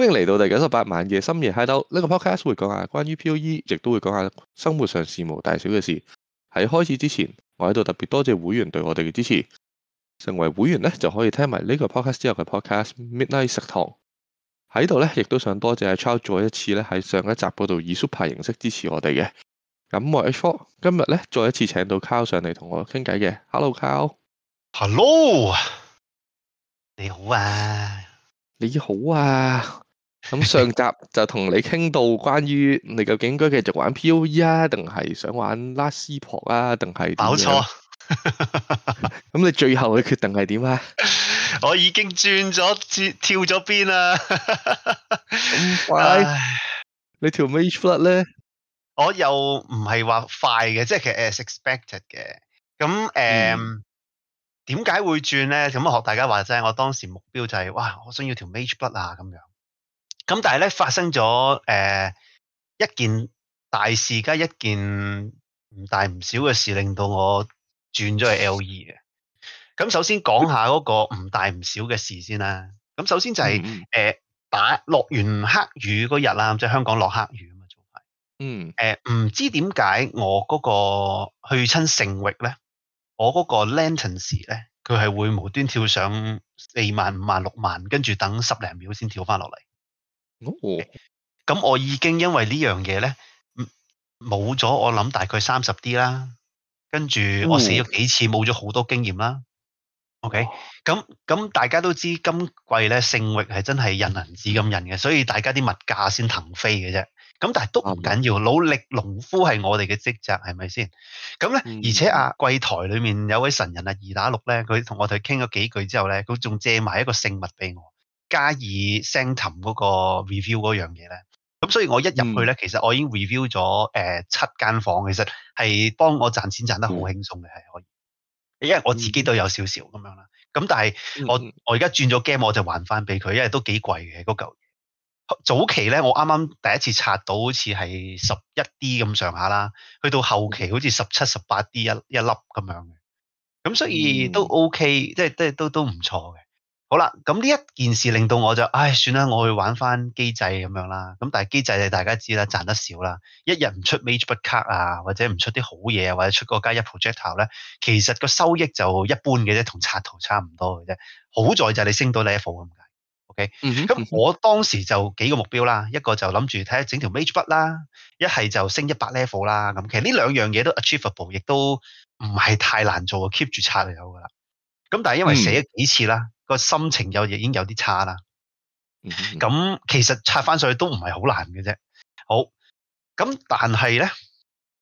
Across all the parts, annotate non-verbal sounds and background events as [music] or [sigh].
歡迎嚟到第九十八晚夜深夜嗨兜，呢個 podcast 會講下關於 POE，亦都會講下生活上事無大小嘅事。喺開始之前，我喺度特別多謝會員對我哋嘅支持。成為會員咧就可以聽埋呢個 podcast 之後嘅 podcast Midnight 食堂。喺度咧，亦都想多謝 Charles 再一次咧喺上一集嗰度以 super 形式支持我哋嘅。咁我 H4 今日咧再一次請到 Carl 上嚟同我傾偈嘅。Hello，Carl。Hello，你好啊，你好啊。咁 [laughs] 上集就同你傾到關於你究竟應該繼續玩 P O E 啊，定係想玩 Last Epoch 啊，定係？冇錯沒錯。咁 [laughs] 你最後嘅決定係點咧？ [laughs] 我已經轉咗，跳咗邊啦。快、 [laughs] 嗯！ [laughs] 你條 Mageblood 咧？我又唔係話快嘅，即係其實 as expected 嘅。咁誒，點解、嗯、會轉咧？咁學大家話齋，我當時目標就係、是、哇，我想要條 Mageblood 啊，咁樣。咁但係咧發生咗誒、呃、一件大事，加一件唔大唔小嘅事，令到我轉咗去 LE 嘅。咁首先講下嗰個唔大唔小嘅事先啦。咁首先就係、是、誒、嗯呃、打落完黑雨嗰日啦，即係香港落黑雨啊嘛，早排嗯唔、呃、知點解我嗰個去親聖域咧，我嗰個 lantern 時咧，佢係會無端跳上四萬、五萬、六萬，跟住等十零秒先跳翻落嚟。咁、嗯、我已經因為呢樣嘢咧，冇咗我諗大概三十 D 啦，跟住我死咗幾次，冇咗好多經驗啦。嗯、OK，咁咁大家都知今季咧，聖域係真係印銀紙咁印嘅，嗯、所以大家啲物價先騰飛嘅啫。咁但係都唔緊要緊，嗯，努，努力農夫係我哋嘅職責，係咪先？咁咧，嗯、而且啊，櫃台裡面有位神人啊，二打六咧，佢同我哋傾咗幾句之後咧，佢仲借埋一個聖物俾我。加以聲尋嗰個 review 嗰樣嘢咧，咁所以我一入去咧，嗯、其實我已經 review 咗、呃、七間房，其實係幫我賺錢賺得好輕鬆嘅，係、嗯、可以。因為我自己都有少少咁樣啦，咁、嗯、但係我、嗯、我而家轉咗 game，我就還翻俾佢，因為都幾貴嘅嗰嚿嘢。早期咧，我啱啱第一次刷到好似係十一 D 咁上下啦，去到後期好似十七、十八 D 一一粒咁樣嘅，咁所以都 OK，即係都都都唔錯嘅。好啦，咁呢一件事令到我就，唉，算啦，我去玩翻機制咁樣啦。咁但係機制就大家知啦，賺得少啦。一日唔出 Mageblood card 啊，或者唔出啲好嘢，或者出個加一 projectile 咧，其實個收益就一般嘅啫，同刷圖差唔多嘅啫。好在就你升到 level 咁解。OK，咁、嗯嗯、我當時就幾個目標啦，一個就諗住睇下整條 Mageblood 啦，一係就升一百 level 啦。咁其實呢兩樣嘢都 achievable，亦都唔係太難做 keep 住刷就有噶啦。咁但係因為寫咗幾次啦。嗯個心情有嘢已經有啲差啦，咁、嗯、哼其實拆翻上去都唔係好難嘅啫。好，咁但係咧，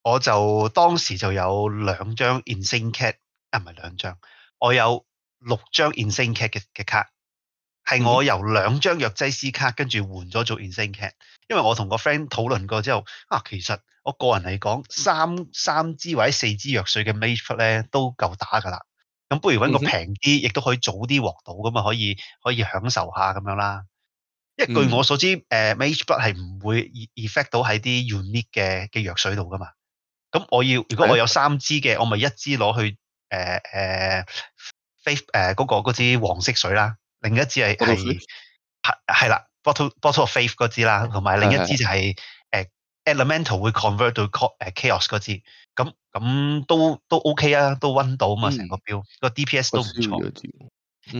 我就當時就有兩張 Insane Cat 啊，唔係兩張，我有六張 Insane Cat 嘅嘅卡，係我由兩張藥劑師卡跟住換咗做 Insane Cat，因為我同個 friend 討論過之後，啊，其實我個人嚟講，三三支或者四支藥水嘅 Mageblood 咧都夠打噶啦。咁不如揾個平啲，亦都可以早啲獲到噶嘛，可以可以享受下咁樣啦。因為據我所知、嗯呃、Mageblood 係唔會 effect 到喺啲 unique 嘅嘅藥水度噶嘛。咁我要，如果我有三支嘅，的我咪一支攞去誒、呃啊、Faith 誒、呃、嗰、那個嗰支黃色水啦，另一支係係啦水，bottle bottle of Faith 嗰支啦，同埋另一支就係、是的啊、elemental 會 convert 到 c a chaos 嗰支咁。咁都都 OK 啊，都溫到啊嘛，成個表個 DPS 都唔錯。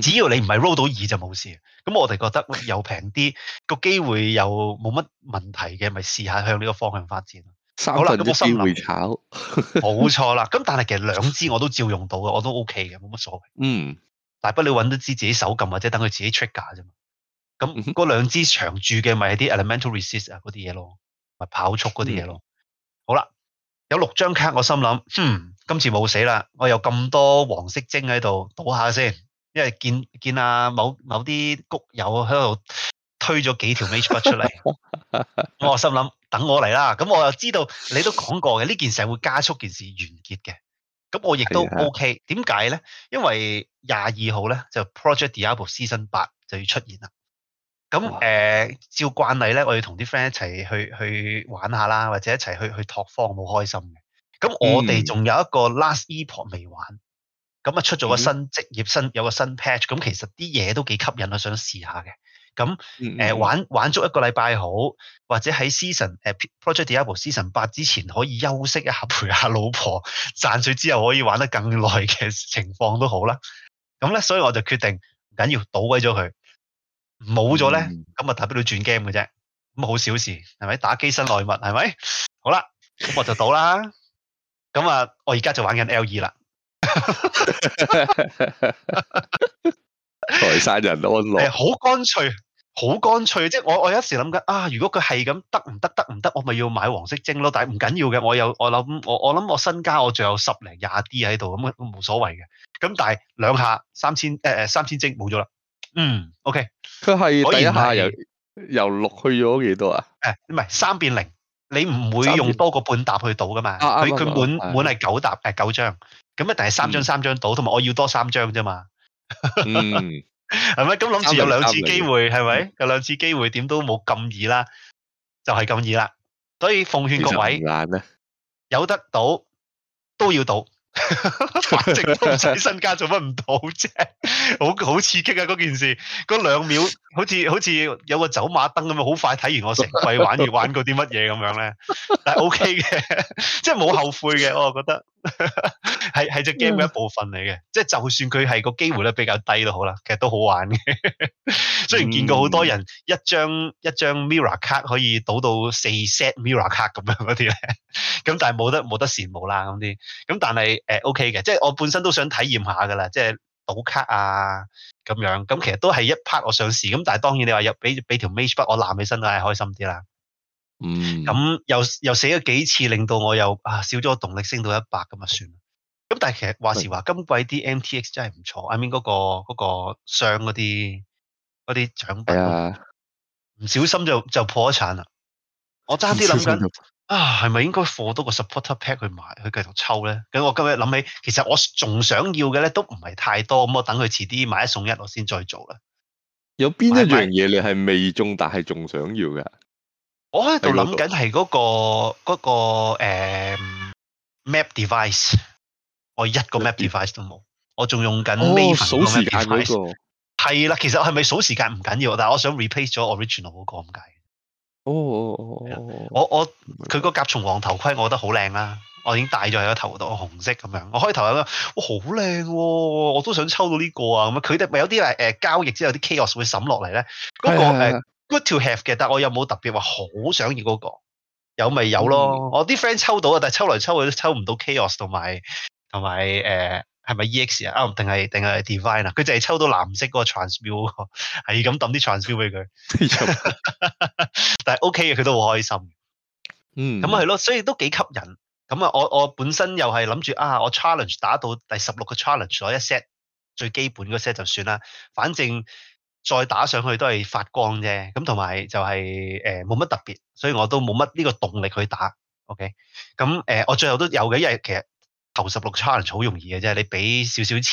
只要你唔係 roll 到二就冇事。咁我哋覺得又平啲個機會又冇乜問題嘅，咪試下向呢個方向發展。好啦，三分之二會炒，冇錯啦。咁但係其實兩支我都照用到嘅，我都 OK 嘅，冇乜所謂。嗯，大不了揾一支自己手撳或者等佢自己 trigger 啫嘛。咁嗰兩支長住嘅咪啲 elemental resist 啊，嗰啲嘢咯，咪跑速嗰啲嘢咯。好啦。有六張卡，我心諗，嗯，今次冇死啦，我有咁多黃色精喺度，賭下先，因為見見阿、啊、某某啲谷友喺度推咗幾條 Mageblood 出嚟， [laughs] 我心諗等我嚟啦，咁我又知道你都講過嘅，呢件事會加速件事完結嘅，咁我亦都 OK，點解咧？因為廿二號咧就 Project Diablo season 八就要出現啦。咁誒、呃，照慣例咧，我要同啲 friend 一齊去去玩下啦，或者一齊去去拓荒，好開心嘅。咁我哋仲有一個 Last Epoch 未玩，咁啊出咗個新職業、嗯、新有個新 patch，咁其實啲嘢都幾吸引我想試下嘅。咁、呃、玩玩足一個禮拜好，或者喺 Se、呃、season Project Diablo season 八之前可以休息一下，陪下老婆賺水之後可以玩得更耐嘅情況都好啦。咁咧，所以我就決定唔緊要倒鬼咗佢。冇咗咧，咁啊，大不了轉 game 嘅啫，咁啊好小事，係咪？打機身內物，係咪？好啦，咁我就到啦。咁啊， [laughs] 我而家就在玩緊 LE 啦。 [laughs] 台山人安樂好乾、欸、脆，好乾脆，脆。即係我我有一時諗緊啊，如果佢係咁得唔得得唔得，我咪要買黃色精咯。但係唔緊要嘅，我有我諗我我諗我身家我仲有十零廿啲喺度，咁啊冇所謂嘅。咁但係兩下三千誒誒、呃、三千精冇咗啦。嗯，OK。佢係，果然係由六去咗幾多啊？誒，唔係三變零，你唔會用多過半沓去賭噶嘛？佢佢滿滿係九沓誒九張，咁啊，一定係三張三張賭，同埋我要多三張啫嘛。嗯，係咪？咁諗住有兩次機會，係咪？有兩次機會，點都冇咁易啦，就係咁易啦。所以奉勸各位，有得賭都要賭。 [laughs] 反正都唔使身家做乜唔到啫，好好刺激啊！嗰件事，嗰兩秒好似好似有個走馬燈咁樣，好快睇完我成季玩完玩過啲乜嘢咁樣咧。但係 OK 嘅，即係冇後悔嘅，我就覺得係係隻 game 嘅一部分嚟嘅。即係、嗯、就算佢係個機會率比較低都好啦，其實都好玩嘅。雖然見過好多人一張、嗯、一張 mirror 卡可以賭到四 set mirror 卡咁樣嗰啲咧，咁但係冇得冇得羨慕啦咁啲，咁但係。呃、OK 嘅，即係我本身都想體驗下噶啦，即係賭卡啊咁樣，咁其實都係一 part 我上市，咁但係當然你話又俾俾條 Mageblood 俾我攬起身都係開心啲啦。嗯。咁又又死咗幾次，令到我又啊少咗個動力，升到一百咁啊算。咁但係其實話時話，的今季啲 MTX 真係唔錯，I mean 嗰、嗰個嗰箱嗰啲嗰啲獎品啊，唔的小心就就破咗產啦。我爭啲諗緊。啊，係咪應該放多個 supporter pack 去買去繼續抽咧？咁我今日諗起，其實我仲想要嘅咧都唔係太多，咁我等佢遲啲買一送一，我先再做啦。有邊一樣嘢你係未中但係仲想要嘅？我喺度諗緊係嗰個、嗰個誒、嗯、map device，我一個 map device 都冇，我仲用緊 mini、哦那個 m e 係啦，其實係咪數時間唔緊要，但係我想 replace 咗 original 嗰、嗰個咁解。哦，哦，哦，哦，哦我，我我佢個甲蟲王頭盔，我覺得好靚啦，我已經戴咗喺個頭度，我紅色咁樣，我開頭又覺得哇好靚喎，我都想抽到呢個啊！咁佢哋咪有啲係、呃、交易之後啲 chaos 會審落嚟咧，嗰、嗰個是的是的 good to have 嘅，但我有冇特別話好想要、嗰個？有咪有咯，嗯、我啲 friend 抽到啊，但抽嚟抽去都抽唔到 chaos 同埋同埋係咪 E X 啊？啊，定係定係 Divine 啊？佢淨係抽到藍色嗰個 Transmute，係咁抌啲 Transmute 俾佢。但係 OK 嘅，佢都好開心。嗯。咁啊、嗯，係咯，所以都幾吸引。咁啊，我我本身又係諗住啊，我 Challenge 打到第十六個 Challenge，咗一 set 最基本嗰 set 就算啦。反正再打上去都係發光啫。咁同埋就係冇乜特別，所以我都冇乜呢個動力去打。OK。咁、呃、我最後都有嘅，因為其實。頭十六 challenge 好容易嘅，即係，你俾少少錢，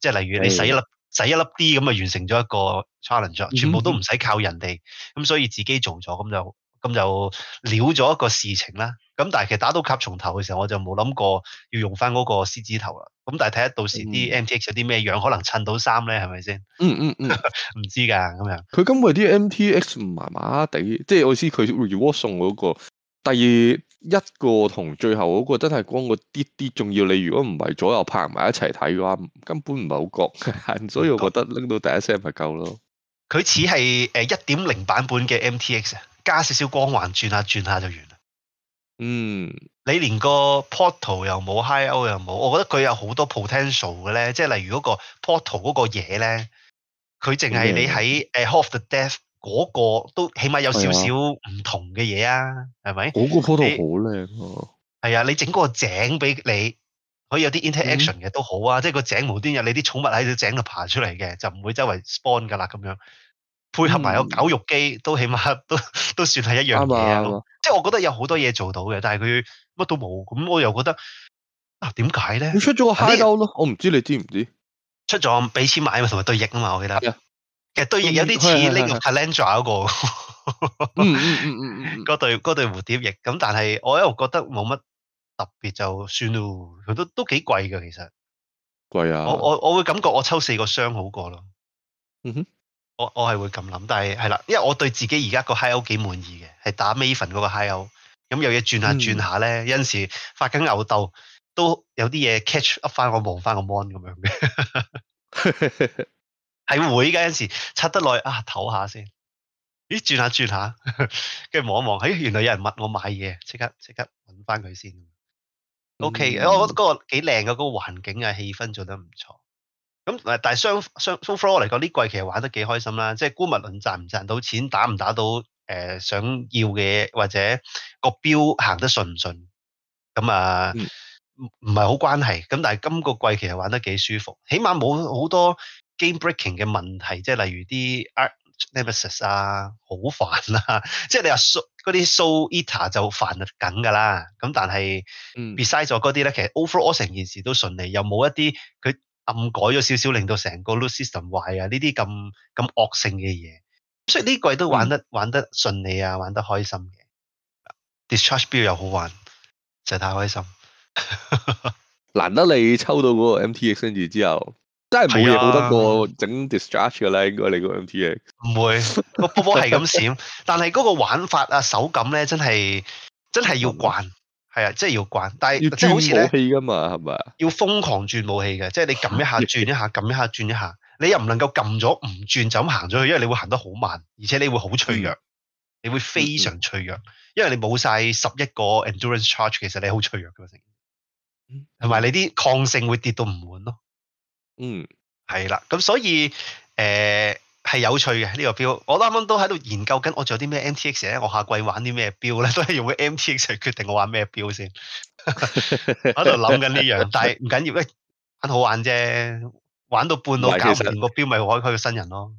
即係例如你使一粒使一粒啲咁啊，完成咗一個 challenge，全部都唔使靠人哋，咁、嗯、所以自己做咗，咁就咁就了咗一個事情啦。咁但係其實打到卡從頭嘅時候，我就冇諗過要用翻嗰個獅子頭啦。咁但係睇下到時啲 MTX 有啲咩樣，嗯、可能襯到衫咧，係咪先？嗯嗯嗯，唔 [laughs] 知㗎咁樣。佢今個啲 MTX 麻麻地，即係我意思佢 reward 送嗰、嗰個第二。一個同最後嗰個真係光嗰啲啲，仲要。你如果唔係左右拍埋一齊睇嘅話，根本唔係好覺。所以我 X、嗯，我覺得拎到第一隻咪夠咯。佢似係誒一點零版本嘅 MTX 加少少光環轉下轉下就完啦。嗯，你連個 portal 又冇 hideout 又冇，我覺得佢有好多 potential 嘅咧。即係例如嗰個 portal 嗰個嘢咧，佢淨係你喺誒 Half the Death。嗰個都起碼有少少唔同嘅嘢啊，係咪？嗰個鋪頭好靚啊！係吧啊，啊，你整個井俾你，可以有啲 interaction 嘅都好啊，嗯、即係個井無端有你啲寵物喺個井度爬出嚟嘅，就唔會周圍 spawn 噶啦咁樣。配合埋有狗肉機，嗯、都起碼都都算係一樣嘢。即係我覺得有好多嘢做到嘅，但係佢乜都冇，咁我又覺得啊，點解咧？佢出咗個 hideout 咯，啊、我唔知你知唔知、啊？出咗俾錢買同埋對弈啊嘛，我記得。其實 [noise] 對翼有啲似呢個 c a l e n d o r a、嗰個，嗯嗯嗯嗯嗯，嗰、嗯嗯、 [laughs] 對嗰對蝴蝶翼咁，但係我一路覺得冇乜特別就算咯，佢都都幾貴嘅其實。貴啊！我我我會感覺我抽四個箱好過咯。嗯哼，我我係會咁諗，但係係啦，因為我對自己而家 hi 個 Hiel 幾滿意嘅，係打 Maven 嗰個 Hiel，咁有嘢轉下轉下咧，嗯、有陣時候發緊牛斗，都有啲嘢 catch up 翻我，望翻個 mon 咁樣嘅。 [laughs] [laughs] 係會噶，有陣時刷得耐啊，唞下先。咦，轉下轉下，跟住望一望，咦、哎，原來有人問我買嘢，即刻即刻搵返佢先。O、okay, K、嗯、我覺得嗰個幾靚嘅，嗰個環境啊，氣氛做得唔錯。咁但係雙雙雙 floor 嚟講，呢季其實玩得幾開心啦。即係姑勿論賺唔賺到錢，打唔打到誒、呃、想要嘅，或者個標行得順唔順，咁啊唔唔係好關係。咁但係今個季其實玩得幾舒服，起碼冇好多。game breaking 嘅問題，即係例如啲 Arch Nemesis 啊，好煩啊。即係你話嗰啲 Soul Eater 就，是 e、就煩緊㗎啦。咁但係 besides 嗰啲咧，其實 overall 成件事都順利，又冇一啲佢暗改咗少少，令到成個 loot system 壞啊！呢啲咁咁惡性嘅嘢，所以呢季都玩得、嗯、玩得順利啊，玩得開心嘅。discharge bill 又好玩，就係、太開心。 [laughs] 難得你抽到嗰個 MTX 跟住之後。真係冇嘢好得過整、啊、discharge 噶啦，應該你個 M T X 唔會個波波係咁閃， [laughs] 但係嗰個玩法啊、手感咧，真係真係要慣，係、嗯、啊，真係要慣。但係即係好似咧，武器噶嘛係咪要瘋狂轉武器嘅吧，即係你撳一下轉一下，撳一下轉一,一下，你又唔能夠撳咗唔轉就咁行咗去，因為你會行得好慢，而且你會好脆弱，嗯、你會非常脆弱，因為你冇晒十一個 endurance charge，其實你好脆弱噶嘛同埋你啲抗性會跌到唔滿咯。嗯，係啦，咁所以誒係、呃、有趣嘅呢、呢個標，我啱啱都喺度研究緊，我仲有啲咩 MTX 咧？我下季玩啲咩標咧？都係用個 MTX 決定我玩咩標先，喺度諗緊呢樣，但係唔緊要咧，玩好玩啫，玩到半路實搞掂個標咪開開個新人咯。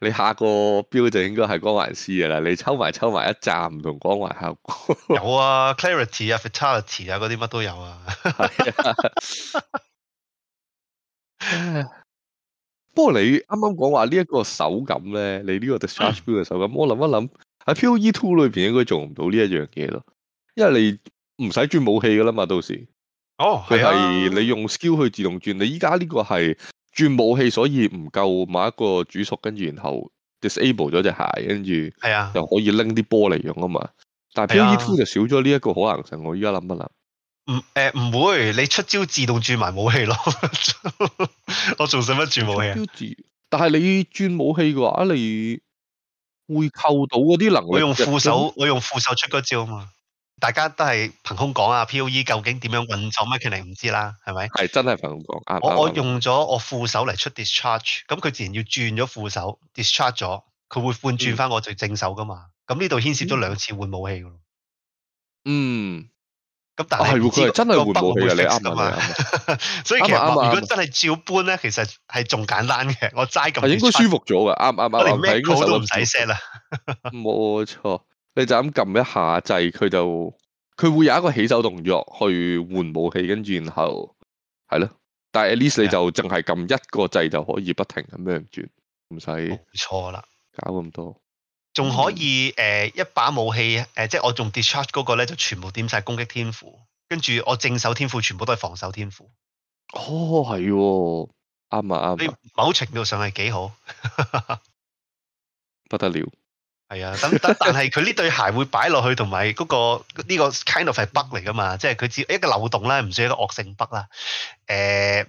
你下個標就應該係光環師啦，你抽埋抽埋一站唔同光環效果。 [laughs] 有啊，Clarity 啊，Vitality 啊，嗰啲乜都有啊。 [laughs] [noise] 不過你啱啱講話呢一個手感咧，你呢個 discharge build 嘅手感，我諗一諗喺 Poe Two 裏邊應該做唔到呢一樣嘢咯，因為你唔使轉武器噶啦嘛，到時，哦，係係你用 skill 去自動轉，你依家呢個係轉武器，所以唔夠買一個煮熟，跟住然後 disable 咗隻鞋，跟住係啊，又可以拎啲玻璃用啊嘛，但 Poe Two 就少咗呢一個可能性，我依家諗一諗。唔、呃、唔會，你出招自動轉埋武器咯。我仲使乜轉武器啊？但係你轉武器嘅話，你會扣到嗰啲能量。我用副手，間我用副手出嗰招啊嘛。大家都係憑空講啊，POE 究竟點樣運作咩？其實你唔知啦，係咪？係真係憑空講。我我用咗我副手嚟出 discharge，咁佢確實 自然要轉咗副手 discharge 咗，佢會換轉翻我最正手噶嘛。咁呢度牽涉咗兩次換武器咯。嗯。咁但係佢真係換武器你啱啊！所以其實如果真係照搬咧，其實係仲簡單嘅。我齋咁。係應該舒服咗嘅，啱啱啱啱。我連咩錯都唔使 set 啦。冇錯，你就咁撳一下掣，佢就佢會有一個起手動作去換武器，跟住然後係咯。但係 at least 你就淨係撳一個掣就可以不停咁樣轉，唔使錯啦，搞咁多。仲可以誒、嗯呃、一把武器誒、呃，即係我仲 Discharge 嗰個咧，就全部點晒攻擊天賦，跟住我正手天賦全部都係防守天賦。哦，係喎、哦，啱啊，啱啊。某程度上係幾好， [laughs] 不得了。係啊，但但係佢呢對鞋會擺落去，同埋嗰個呢、這個 kind of 係 bug 嚟噶嘛，即係佢只一個漏洞啦，唔算一個惡性 bug 啦。誒、呃，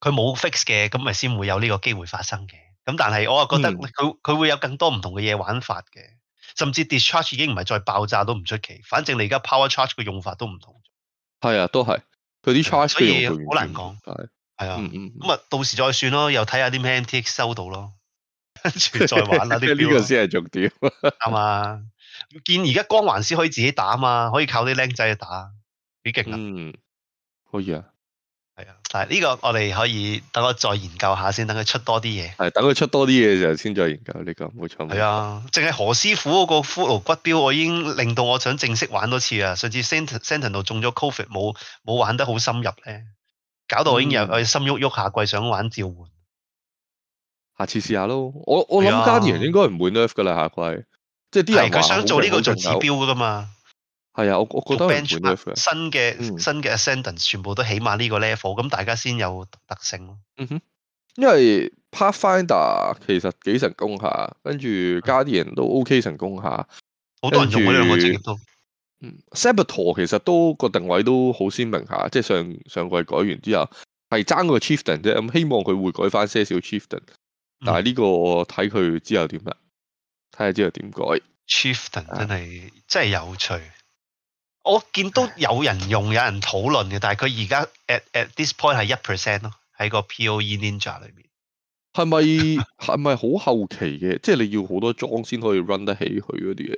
佢冇 fix 嘅，咁咪先會有呢個機會發生嘅。咁但係我又覺得佢佢會有更多唔同嘅嘢玩法嘅，嗯、甚至 Discharge 已經唔係再爆炸都唔出奇，反正你而家 power charge 嘅用法都唔同，係啊，都係佢啲 charge 所以好難講，係係啊，咁啊、嗯嗯、到時再算咯，又睇下啲 MTX 收到咯，嗯、跟住再玩啦，呢 [laughs] 那表 個先係重點啊嘛，吧 [laughs] 見而家光環師可以自己打啊嘛，可以靠啲靚仔打，幾勁啊，嗯，可以啊。係，呢個我哋可以等我再研究一下先，等佢出多啲嘢。係，等佢出多啲嘢就先再研究呢個，冇錯。係啊，淨係何師傅嗰個骷髏骨雕，我已經令到我想正式玩多次啊！上次 Sent Sentinel 中咗 COVID，冇冇玩得好深入咧，搞到我已經入去、嗯、心喐喐，下季想玩召喚，下次試下咯。我我諗加田應該唔會 nerf 噶啦，下季即係啲人話佢想做呢個做指標㗎嘛。係啊，我我覺得的新嘅新嘅 ascendant 全部都起碼呢個 level，咁、嗯、大家先有特性咯。嗯、哼，因為 pathfinder 其實幾成功下，跟住 Guardian 都 ok 成功下，好、嗯、著多人用嗰兩個職業都。 嗯 Saboteur 其實都個定位都好鮮明下，即係上上季改完之後係爭個 chieftain 啫，咁希望佢會改返些少 chieftain，、嗯、但係呢個睇佢之後點啦，睇下之後點改。chieftain 真係、啊、真係有趣。我見到有人用，有人討論嘅，但係佢而家 at at this point 係一 percent 咯，喺個 Poe Ninja 裏面，係咪係咪好後期嘅？即係 [laughs] 你要好多裝先可以 run 得起佢嗰啲嘢。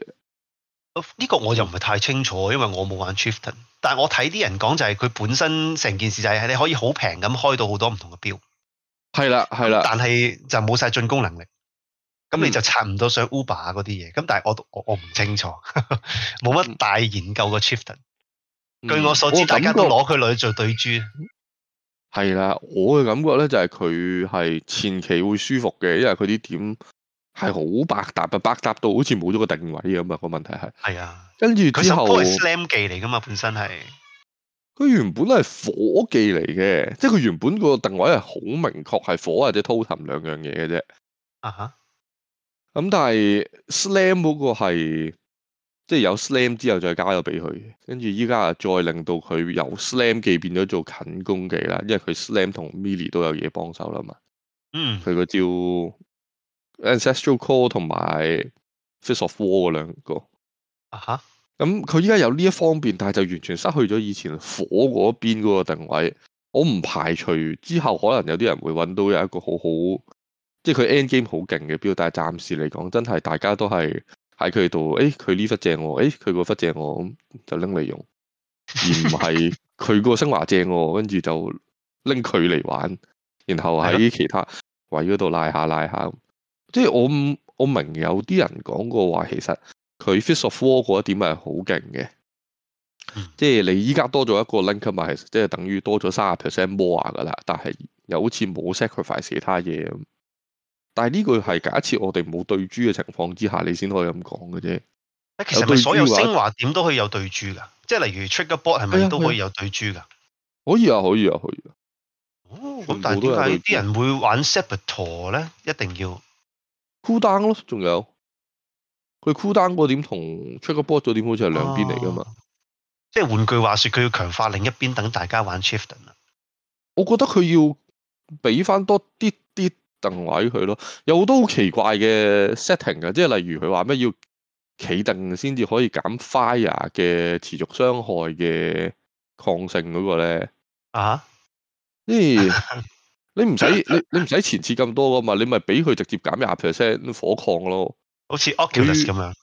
呢個我就唔係太清楚，因為我冇玩 Chieftain，但係我睇啲人講就係佢本身成件事就係你可以好平咁開到好多唔同嘅 build，係啦係啦，但係就冇晒進攻能力。咁你就刷唔到上 Uber 嗰啲嘢，咁但係我我唔清楚，冇乜大研究個 Chieftain。嗯、據我所知，我大家都攞佢女做對注。係啦，我嘅感覺咧就係佢係前期會舒服嘅，因為佢啲點係好百搭，百搭到好似冇咗個定位咁啊，個問題係。係啊的，跟住佢又 p 係 slam 技嚟㗎嘛，本身係。佢原本係火技嚟嘅，即係佢原本個定位係好明確係火或者 Totem、um、兩樣嘢嘅啫。啊哈、uh。Huh. 咁、嗯、但係 slam 嗰個係即係有 slam 之後再加咗俾佢，跟住依家啊再令到佢由 slam 技變咗做近攻技啦，因為佢 slam 同 Milli 都有嘢幫手啦嘛。嗯，佢個招 Ancestral Call 同埋 Fist of War 嗰兩個。啊哈！咁佢依家有呢一方面，但係就完全失去咗以前火嗰邊嗰個定位。我唔排除之後可能有啲人會揾到有一個好好。即係佢 end game 好勁嘅標，但係暫時嚟講真係大家都係喺佢度。誒、哎，佢呢忽正我、哦，誒佢個忽正我、哦、咁就拎嚟用，而唔係佢個昇華正我、哦，跟住就拎佢嚟玩，然後喺其他位嗰度拉下拉下。的即係我我明有啲人講過話，其實佢 Fist of War 嗰一點係好勁嘅，嗯、即係你依家多咗一個 linker 埋，即係等於多咗三十 percent more 啊，噶啦。但係又好似冇 sacrifice 其他嘢。但係呢個係假設我哋冇對珠嘅情況之下，你先可以咁講嘅啫。其實佢所有升華點都可以有對珠噶，者即係例如出個 bot 係咪都可以有對珠噶？可以啊，可以啊，可以啊。咁、哦、但係點解啲人會玩 Saboteur 咧？一定要 cool down 咯，仲有佢 cool down 個點同出個 bot 個點好似係兩邊嚟噶嘛？啊、即係換句話說，說佢要強化另一邊，等大家玩 shift。我覺得佢要俾翻多啲。定位佢咯，有好多好奇怪嘅 setting 嘅、啊，即係例如佢話咩要企定先至可以減 fire 嘅持續傷害嘅抗性嗰個咧。啊？咦、 [laughs] 欸？你唔使你你唔使前設咁多噶嘛？你咪俾佢直接減廿 percent 火抗咯。好似 Oculus 咁你樣。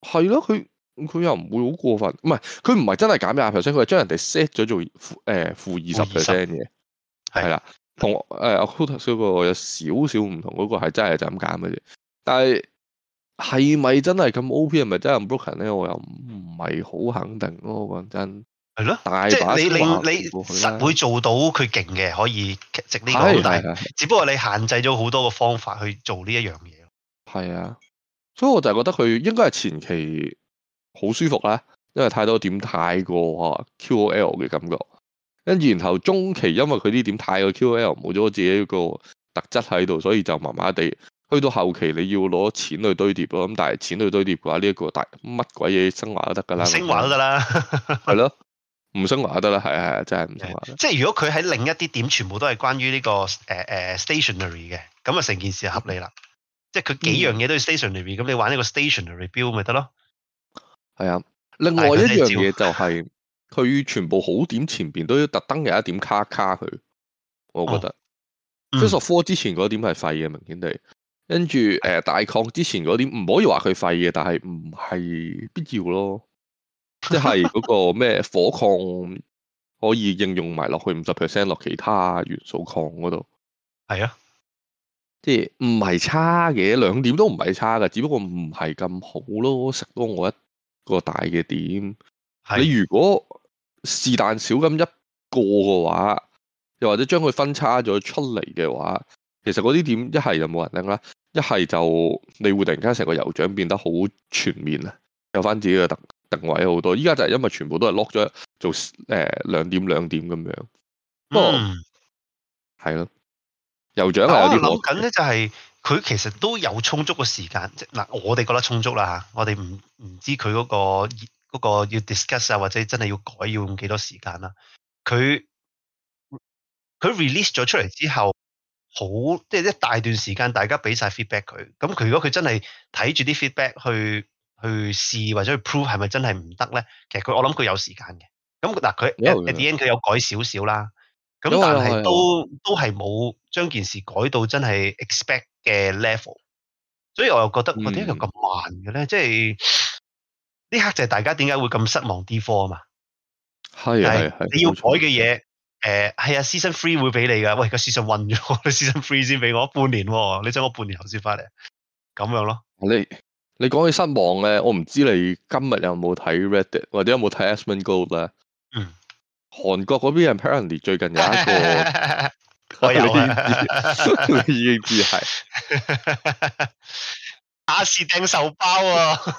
係咯、啊，佢佢又唔會好過分，唔係佢唔係真係減廿 percent，佢係將人哋 set 咗做負誒二十 percent 嘅，係、呃、啦。的同誒，我都睇過有少少唔同，嗰個係真係就咁揀嘅啫。但係係咪真係咁 O P，係咪真係咁 broken 咧？我又唔係好肯定咯。講真，係咯的，但係大把你你，你，你實會做到佢勁嘅，可以值呢個大。只不過你限制咗好多個方法去做呢一樣嘢。係啊，所以我就係覺得佢應該係前期好舒服啦，因為太多點太過啊，Q O L 嘅感覺。跟然後中期，因為佢呢點太過 QL 冇咗自己個特質喺度，所以就麻麻地。去到後期，你要攞錢去堆疊咯。咁但係錢去堆疊嘅話，呢、這、一個大乜鬼嘢升華都得㗎啦，升華都得啦，係咯， [laughs] 唔升華得啦，係係，真係唔升華。即係如果佢喺另一啲點，全部都係關於呢、這個誒誒 stationary 嘅，咁啊成件事就合理啦。嗯、即係佢幾樣嘢都 stationary 要，咁你玩呢個 stationary build 咪得咯？係啊，另外一樣嘢就係、是。 [laughs] 佢全部好點前邊都要特登有一點卡一卡佢，我覺得。t e s l、oh. mm. 之前嗰點係廢嘅，明顯地。跟住誒大抗之前嗰點唔可以話佢廢嘅，但係唔係必要咯。即係嗰個咩火抗可以應用埋落去五十 percent 落其他元素抗嗰度。係啊， [laughs] 即係唔係差嘅兩點都唔係差嘅，只不過唔係咁好咯。食多我一個大嘅點，的你如果。是但少咁一個嘅話，又或者將佢分叉咗出嚟嘅話，其實嗰啲點一係就冇人拎啦，一係就你會突然間成個酋長變得好全面啦，有翻自己嘅定定位好多。依家就係因為全部都係 lock 咗做誒兩點兩點咁樣，不過係咯，酋長係有啲 lock 緊咧就係、是、佢其實都有充足嘅時間，即係嗱，我哋覺得充足啦，我哋唔唔知佢嗰、那個。嗰個要 discuss 啊，或者真係要改，要用幾多時間啦、啊？佢佢 release 咗出嚟之後，好即係一大段時間，大家俾晒 feedback 佢。咁佢如果佢真係睇住啲 feedback 去去試或者去 prove 係咪真係唔得咧？其實佢我諗佢有時間嘅。咁嗱，佢、嗯、at the end 佢有改少少啦。咁但係都、嗯嗯、都係冇將件事改到真係 expect 嘅 level。所以我又覺得我點解咁慢嘅咧？即係、嗯。呢刻就係大家點解會咁失望 D4 啊嘛？係係的你要改嘅嘢，誒係啊。Season three 會俾你噶，喂、個 Se [laughs] season 混咗，Season three 先俾我半年喎，你走我半年後先翻嚟，咁樣咯。你你講起失望咧，我唔知你今日有冇睇 Reddit 或者有冇睇 Asmongold 咧？嗯，韓國嗰邊 Apparently 最近有一個可以， [laughs] 我有啊、你已經知係。亞視掟手包啊 [laughs] [laughs]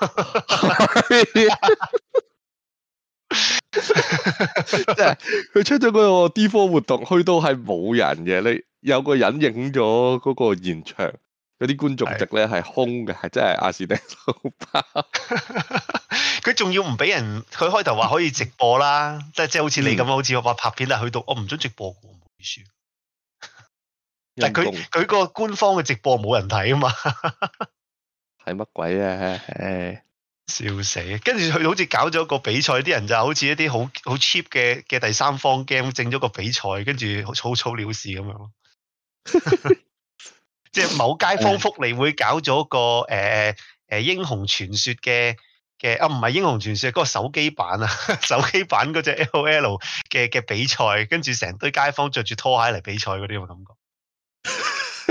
[laughs] 佢出咗嗰個 D4 活動，去到係冇人嘅。你有個人影咗嗰個現場，嗰啲觀眾席咧係空嘅，係的真係亞視掟手包。佢仲要唔俾人？佢開頭話可以直播啦，但係 [laughs] 即係好似你咁啊，嗯、好似我拍片啊，去到我唔准直播嘅。但係佢佢個官方嘅直播冇人睇啊嘛。 [laughs] 係乜鬼啊！誒、哎，笑死！跟住佢好似搞咗個比賽，啲人就好似一啲好好 cheap 嘅嘅第三方 game，整咗個比賽，跟住好草草了事咁樣咯。 [laughs] 即係某街坊福利會搞咗個誒誒、 [laughs] 欸欸、英雄傳說嘅嘅啊，唔係英雄傳說，嗰、嗰個手機版啊，手機版嗰隻 L O L 嘅嘅比賽，跟住成堆街坊着住拖鞋嚟比賽嗰啲咁嘅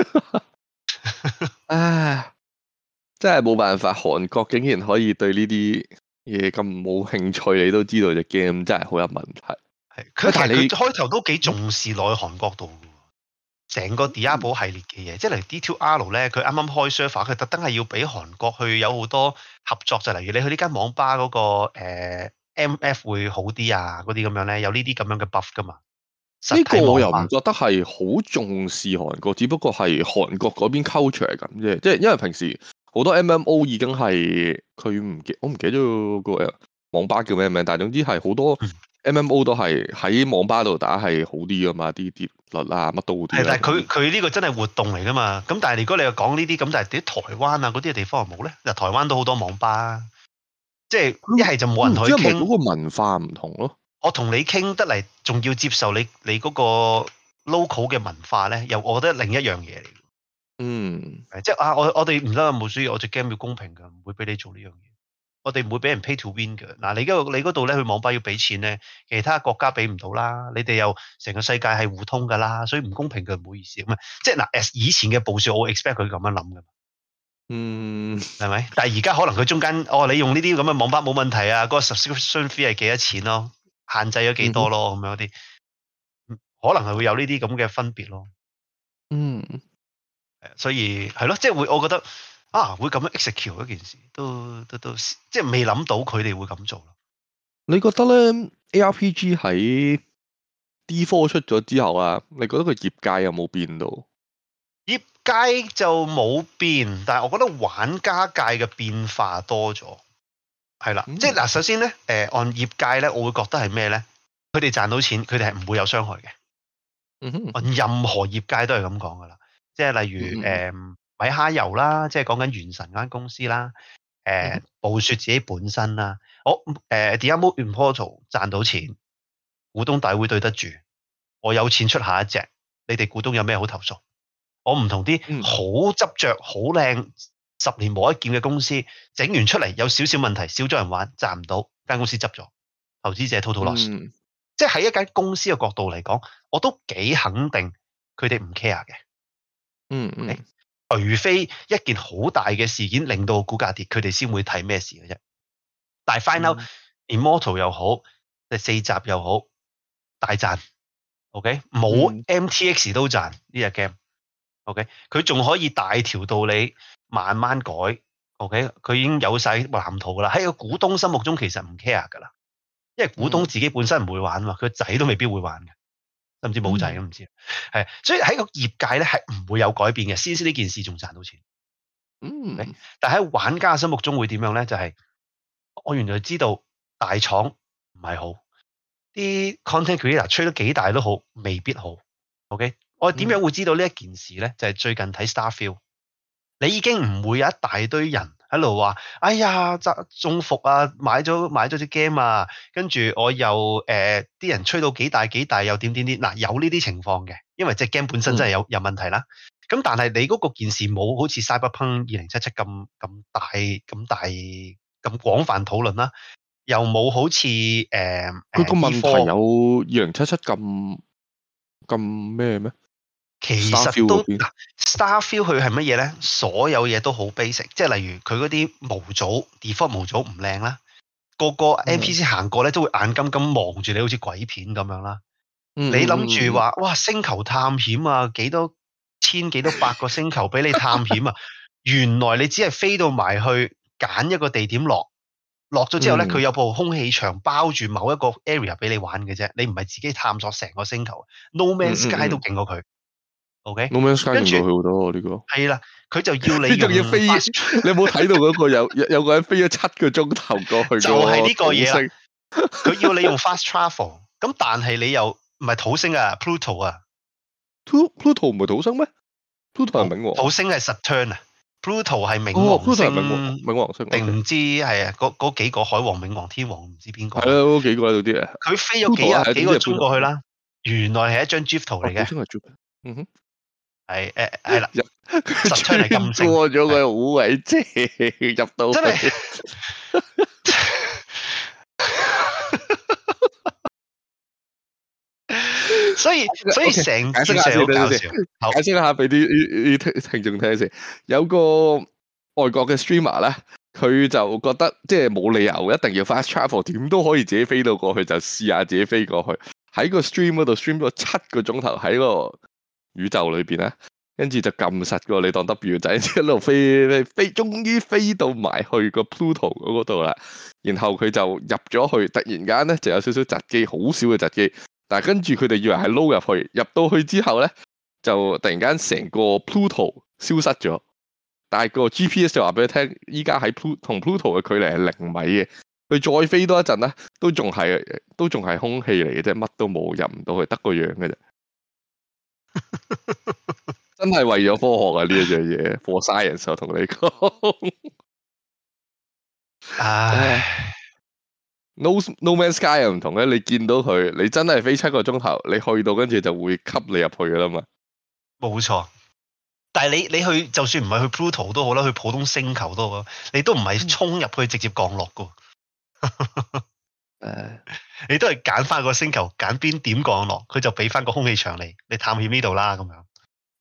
感覺。誒。 [laughs] [laughs] 真係冇辦法，韓國竟然可以對呢啲嘢咁冇興趣，你都知道隻 game 真係好有問題。係，但係佢開頭都幾重視內韓國度成個 Diablo 系列嘅嘢，嗯、即係例如 D2R 咧，佢啱啱開 server，佢特登係要俾韓國去有好多合作，就例如你去呢間網吧嗰、嗰個、呃、MF 會好啲啊，嗰啲咁樣咧，有呢啲咁樣嘅 buff 㗎嘛。呢個我又唔覺得係好重視韓國，只不過係韓國嗰邊 culture 咁啫，即係因為平時。好多 MMO 已經係佢唔記，我唔記得咗個網吧叫咩名，但係總之係好多 MMO 都係喺網吧度、嗯、打係好啲噶嘛，啲碟率啊乜都好啲。但係佢佢呢個真係活動嚟噶嘛？咁但係如果你又講呢啲咁，但係啲台灣啊嗰啲嘅地方係冇咧。啊，台灣都好多網吧，即係一係就冇人可以傾。嗰個、嗯、文化唔同咯。我同你傾得嚟，仲要接受你你嗰個 local 嘅文化咧，又我覺得另一樣嘢嚟。嗯，即係啊！我我哋唔得啊，冇輸嘅。我隻 game 要公平嘅，唔會俾你做呢樣嘢。我哋唔會俾人 pay to win 嘅。嗱、啊，你你嗰度咧，去網吧要俾錢咧，其他國家俾唔到啦。你哋又成個世界係互通噶啦，所以唔公平嘅唔好意思咁啊。即係嗱，as 以前嘅部署我 expect 佢咁樣諗嘅。嗯，係、嗯、咪、啊嗯？但係而家可能佢中間，哦，你用呢啲咁嘅網吧冇問題啊？嗰個 subscription fee 係幾多錢咯？限制咗幾多咯？咁樣嗰啲，可能係會有呢啲咁嘅分別咯。嗯。誒，所以係咯，即係會，我覺得啊，會咁樣 execute 嗰件事，都都都，即係未諗到佢哋會咁做咯。你覺得咧，ARPG 喺 D4 出咗之後啊，你覺得個業界有冇變到？業界就冇變，但係我覺得玩家界嘅變化多咗，係、嗯、啦，即係嗱，首先咧，誒，按業界咧，我會覺得係咩咧？佢哋賺到錢，佢哋係唔會有傷害嘅。嗯哼，任何業界都係咁講噶啦。即係例如誒、嗯嗯、米哈遊啦，即係講緊原神間公司啦。嗯嗯、暴雪自己本身啦，我誒 Diablo Immortal 賺到錢，股東大會對得住，我有錢出下一隻，你哋股東有咩好投訴？我唔同啲好、嗯、執着、好靚、十年磨一劍嘅公司，整完出嚟有少少問題，少咗人玩，賺唔到，間公司執咗，投資者 total loss。嗯、即係喺一間公司嘅角度嚟講，我都幾肯定佢哋唔 care 嘅。嗯嗯，嗯除非一件好大嘅事件令到股價跌，佢哋先會睇咩事嘅啫。但係 Final、嗯、Immortal 又好，第四集又好，大賺。OK，冇 MTX 都賺呢隻 game。OK，佢仲可以大條道理慢慢改。OK，佢已經有晒藍圖噶啦。喺個股東心目中其實唔 care 噶啦，因為股東自己本身唔會玩嘛，佢個仔都未必會玩嘅。甚至冇仔都唔知，係，所以喺個業界咧係唔會有改變嘅。先知呢件事仲賺到錢，嗯，但係喺玩家心目中會點樣咧？就係、是、我原來知道大廠唔係好，啲 content creator 吹得幾大都好，未必好。OK，我點樣會知道呢一件事咧？嗯、就係最近睇 Starfield，你已經唔會有一大堆人。喺度話：哎呀，中伏啊！買咗買咗隻 game 啊，跟住我又誒啲、呃、人吹到幾大幾大又怎樣怎樣怎樣，又點點點嗱，有呢啲情況嘅，因為隻 game 本身真係有有問題啦。咁、嗯、但係你嗰個件事冇好似 Cyberpunk 二零七七咁咁大咁大咁廣泛討論啦，又冇好似誒佢個問題有二零七七咁咁咩咩？其實 Starfield 都 Starfield 佢係乜嘢咧？所有嘢都好 basic，即係例如佢嗰啲模組 default 模組唔靚啦，各個個 NPC 行過咧都會眼金金望住你，好似鬼片咁樣啦。嗯、你諗住話哇星球探險啊，幾多千幾多百個星球俾你探險啊？ [laughs] 原來你只係飛到埋去揀一個地點落，落咗之後咧佢有部空氣牆包住某一個 area 俾你玩嘅啫。你唔係自己探索成個星球，No Man’s Sky 嗯、嗯、都勁過佢。O K，No Man's Sky 要過佢好多喎，呢個係啦，佢就要你仲要飛，你有冇睇到嗰個有有個人飛咗七個鐘頭過去？就係呢個嘢，佢要你用 Fast Travel。咁但係你又唔係土星啊，Pluto 啊，Pl Pluto 唔係土星咩？Pluto 係冥王。土星係 Saturn 啊，Pluto 係冥王星，冥王星定唔知係啊？嗰嗰幾個海王、冥王、天王唔知邊個係咯？幾個喺度啲啊？佢飛咗幾日幾個鐘過去啦？原來係一張 GIF 圖嚟嘅，嗯哼。係誒，係啦，十槍嚟入正，過咗佢好位正的 [laughs] 入到。真係，所以所以成件事好搞笑。解釋下俾啲啲聽好聽眾聽先。有個外國嘅 streamer 咧，佢就覺得即係冇理由一定要 fast travel，點都可以自己飛到過去，就試下自己飛過去。喺個 stream 嗰度 stream 咗七個鐘頭喺個。宇宙裏邊咧，跟住就撳實個你當 W 仔一路飛飛飛，終於飛到埋去個 Pluto 嗰度啦。然後佢就入咗去，突然間咧就有少少窒機，好少嘅窒機。但係跟住佢哋以為係撈入去，入到去之後咧，就突然間成個 Pluto 消失咗。但係個 GPS 就話俾佢聽，依家喺 Pluto 同 Pluto 嘅距離係零米嘅。佢再飛多一陣咧，都仲係都仲係空氣嚟嘅啫，乜都冇，入唔到去，得個樣嘅啫。 [laughs] 真係為咗科學啊呢一樣嘢，for science 我同你講。 [laughs] 唉，No No Man's Sky 又唔同咧，你見到佢，你真係飛七個鐘頭，你去到跟住就會吸你入去噶啦嘛。冇錯，但係你你去就算唔係去 Pluto 都好啦，去普通星球都好，你都唔係衝入去直接降落噶。 [laughs] 誒， [laughs] 你都係揀翻個星球，揀邊點降落，佢就俾翻個空氣牆嚟，你探險呢度啦，咁樣。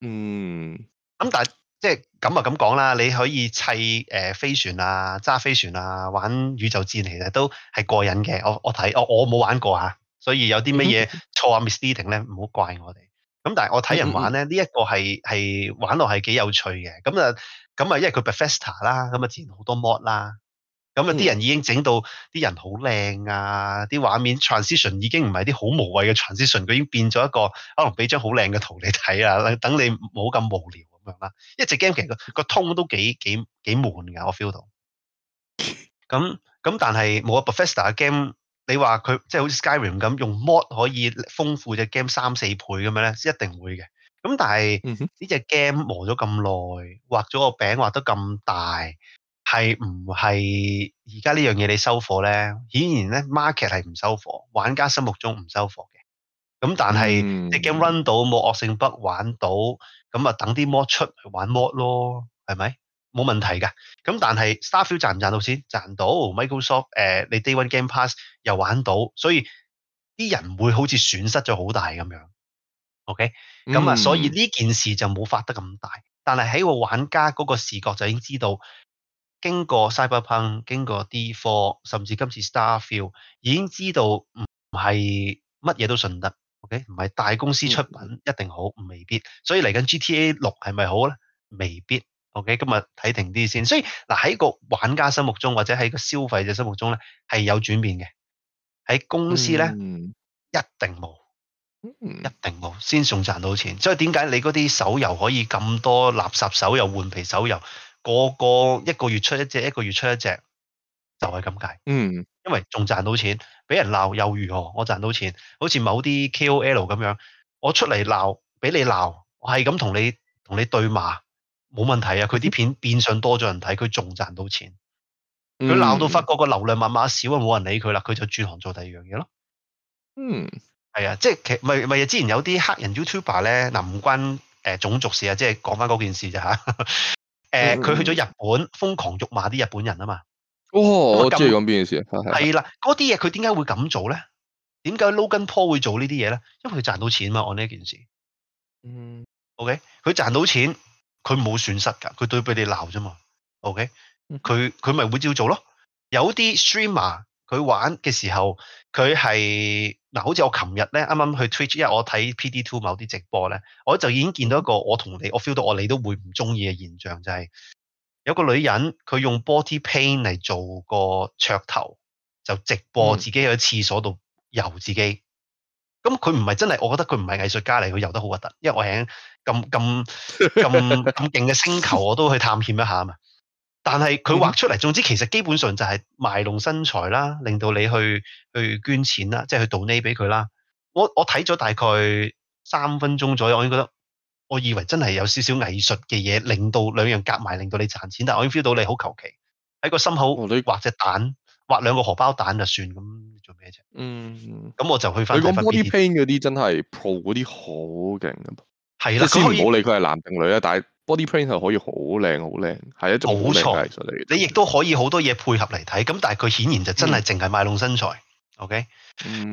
嗯，咁、嗯、但係即係咁啊咁講啦，你可以砌誒、呃、飛船啊，揸飛船啊，玩宇宙戰，其實都係過癮嘅。我我睇，我我冇玩過吓、啊，所以有啲乜嘢錯啊，misleading 咧，唔好怪我哋。咁但係我睇人玩咧，呢、這、一個係係玩落係幾有趣嘅。咁啊咁啊，嗯、因為佢 Bethesda 啦，咁啊自然好多 mod 啦。咁啊！啲、嗯、人已經整到啲人好靚啊！啲畫面 transition 已經唔係啲好無謂嘅 transition，佢已經變咗一個可能俾張好靚嘅圖你睇啊！等你冇咁無聊咁樣啦。一隻 game 其實、那個通個個通都幾幾幾悶嘅，我 feel 到。咁咁， [laughs] 但係冇啊 Bethesda 嘅 game，你話佢即係好似 Skyrim 咁用 mod 可以豐富隻 game 三四倍咁樣咧，係一定會嘅。咁但係呢、嗯、哼隻 game 磨咗咁耐，畫咗個餅畫得咁大。係唔係而家呢樣嘢你收貨咧？顯然咧 market 係唔收貨，玩家心目中唔收貨嘅。咁但係你、嗯、game run 到，冇惡性筆玩到，咁啊等啲 mod 出去玩 mod 咯，係咪？冇問題噶。咁但係 Starfield 賺唔賺到錢？賺到 Microsoft 誒、呃，你 Day One Game Pass 又玩到，所以啲人會好似損失咗好大咁樣。OK，咁啊、嗯，所以呢件事就冇發得咁大。但係喺個玩家嗰個視覺就已經知道。經過 Cyberpunk，經過 D4，甚至今次 Starfield，已經知道唔係乜嘢都順得，OK？唔係大公司出品一定好，未必。所以嚟緊 GTA 六係咪好咧？未必，OK？今日睇定啲先看一看。所以嗱喺個玩家心目中或者喺個消費者心目中咧，係有轉變嘅。喺公司咧，一定冇，一定冇先仲賺到錢。所以點解你嗰啲手遊可以咁多垃圾手遊、換皮手遊？個個一個月出一隻，一個月出一隻，就係咁解，嗯，因為仲賺到錢，俾人鬧又如何？我賺到錢，好似某啲 KOL 咁樣，我出嚟鬧，俾你鬧，我係咁同你同你對罵，冇問題啊！佢啲片變相多咗人睇，佢仲賺到錢。佢鬧到發覺個流量慢慢少啊，冇人理佢啦，佢就轉行做第二樣嘢咯。嗯，係啊，即係其咪咪之前有啲黑人 YouTuber 咧，嗱唔關誒、呃、種族事啊，即係講翻嗰件事啫吓。 [laughs] 誒，佢、呃嗯、去咗日本，嗯、瘋狂辱罵啲日本人啊嘛！哦，麼我知意講邊件事係啦，嗰啲嘢佢點解會咁做咧？點解 Logan Paul 會做呢啲嘢咧？因為佢賺到錢嘛，按呢一件事。嗯，OK，佢賺到錢，佢冇損失㗎，佢對俾你鬧啫嘛。OK，佢佢咪會照做咯。有啲 streamer。佢玩嘅時候，佢係嗱，好似我琴日咧，啱啱去 Twitch，因為我睇 PD2 某啲直播咧，我就已經見到一個我同你，我 feel 到我你都會唔中意嘅現象，就係有個女人佢用 Body Paint 嚟做個噱頭，就直播自己喺廁所度游自己。咁佢唔係真係，我覺得佢唔係藝術家嚟，佢游得好核突。因為我喺咁咁咁咁勁嘅星球，我都去探險一下啊嘛。但係佢畫出嚟，嗯、總之其實基本上就係賣弄身材啦，令到你去去捐錢啦，即係去 donate 俾佢啦。我我睇咗大概三分鐘左右，我已經覺得，我以為真係有少少藝術嘅嘢，令到兩樣夾埋，令到你賺錢。但係我已經 feel 到你好求其，喺個心口，你畫隻蛋，哦、畫兩個荷包蛋就算咁，做咩啫？嗯，咁我就去翻。你講 multi paint 嗰啲真係 pro 嗰啲好勁啊！係啦的，是他先唔好理佢係男定女啊，但係。bodyprint 係可以好靚，好靚，係啊，冇錯。你亦都可以好多嘢配合嚟睇，咁但係佢顯然就真係淨係賣弄身材。OK，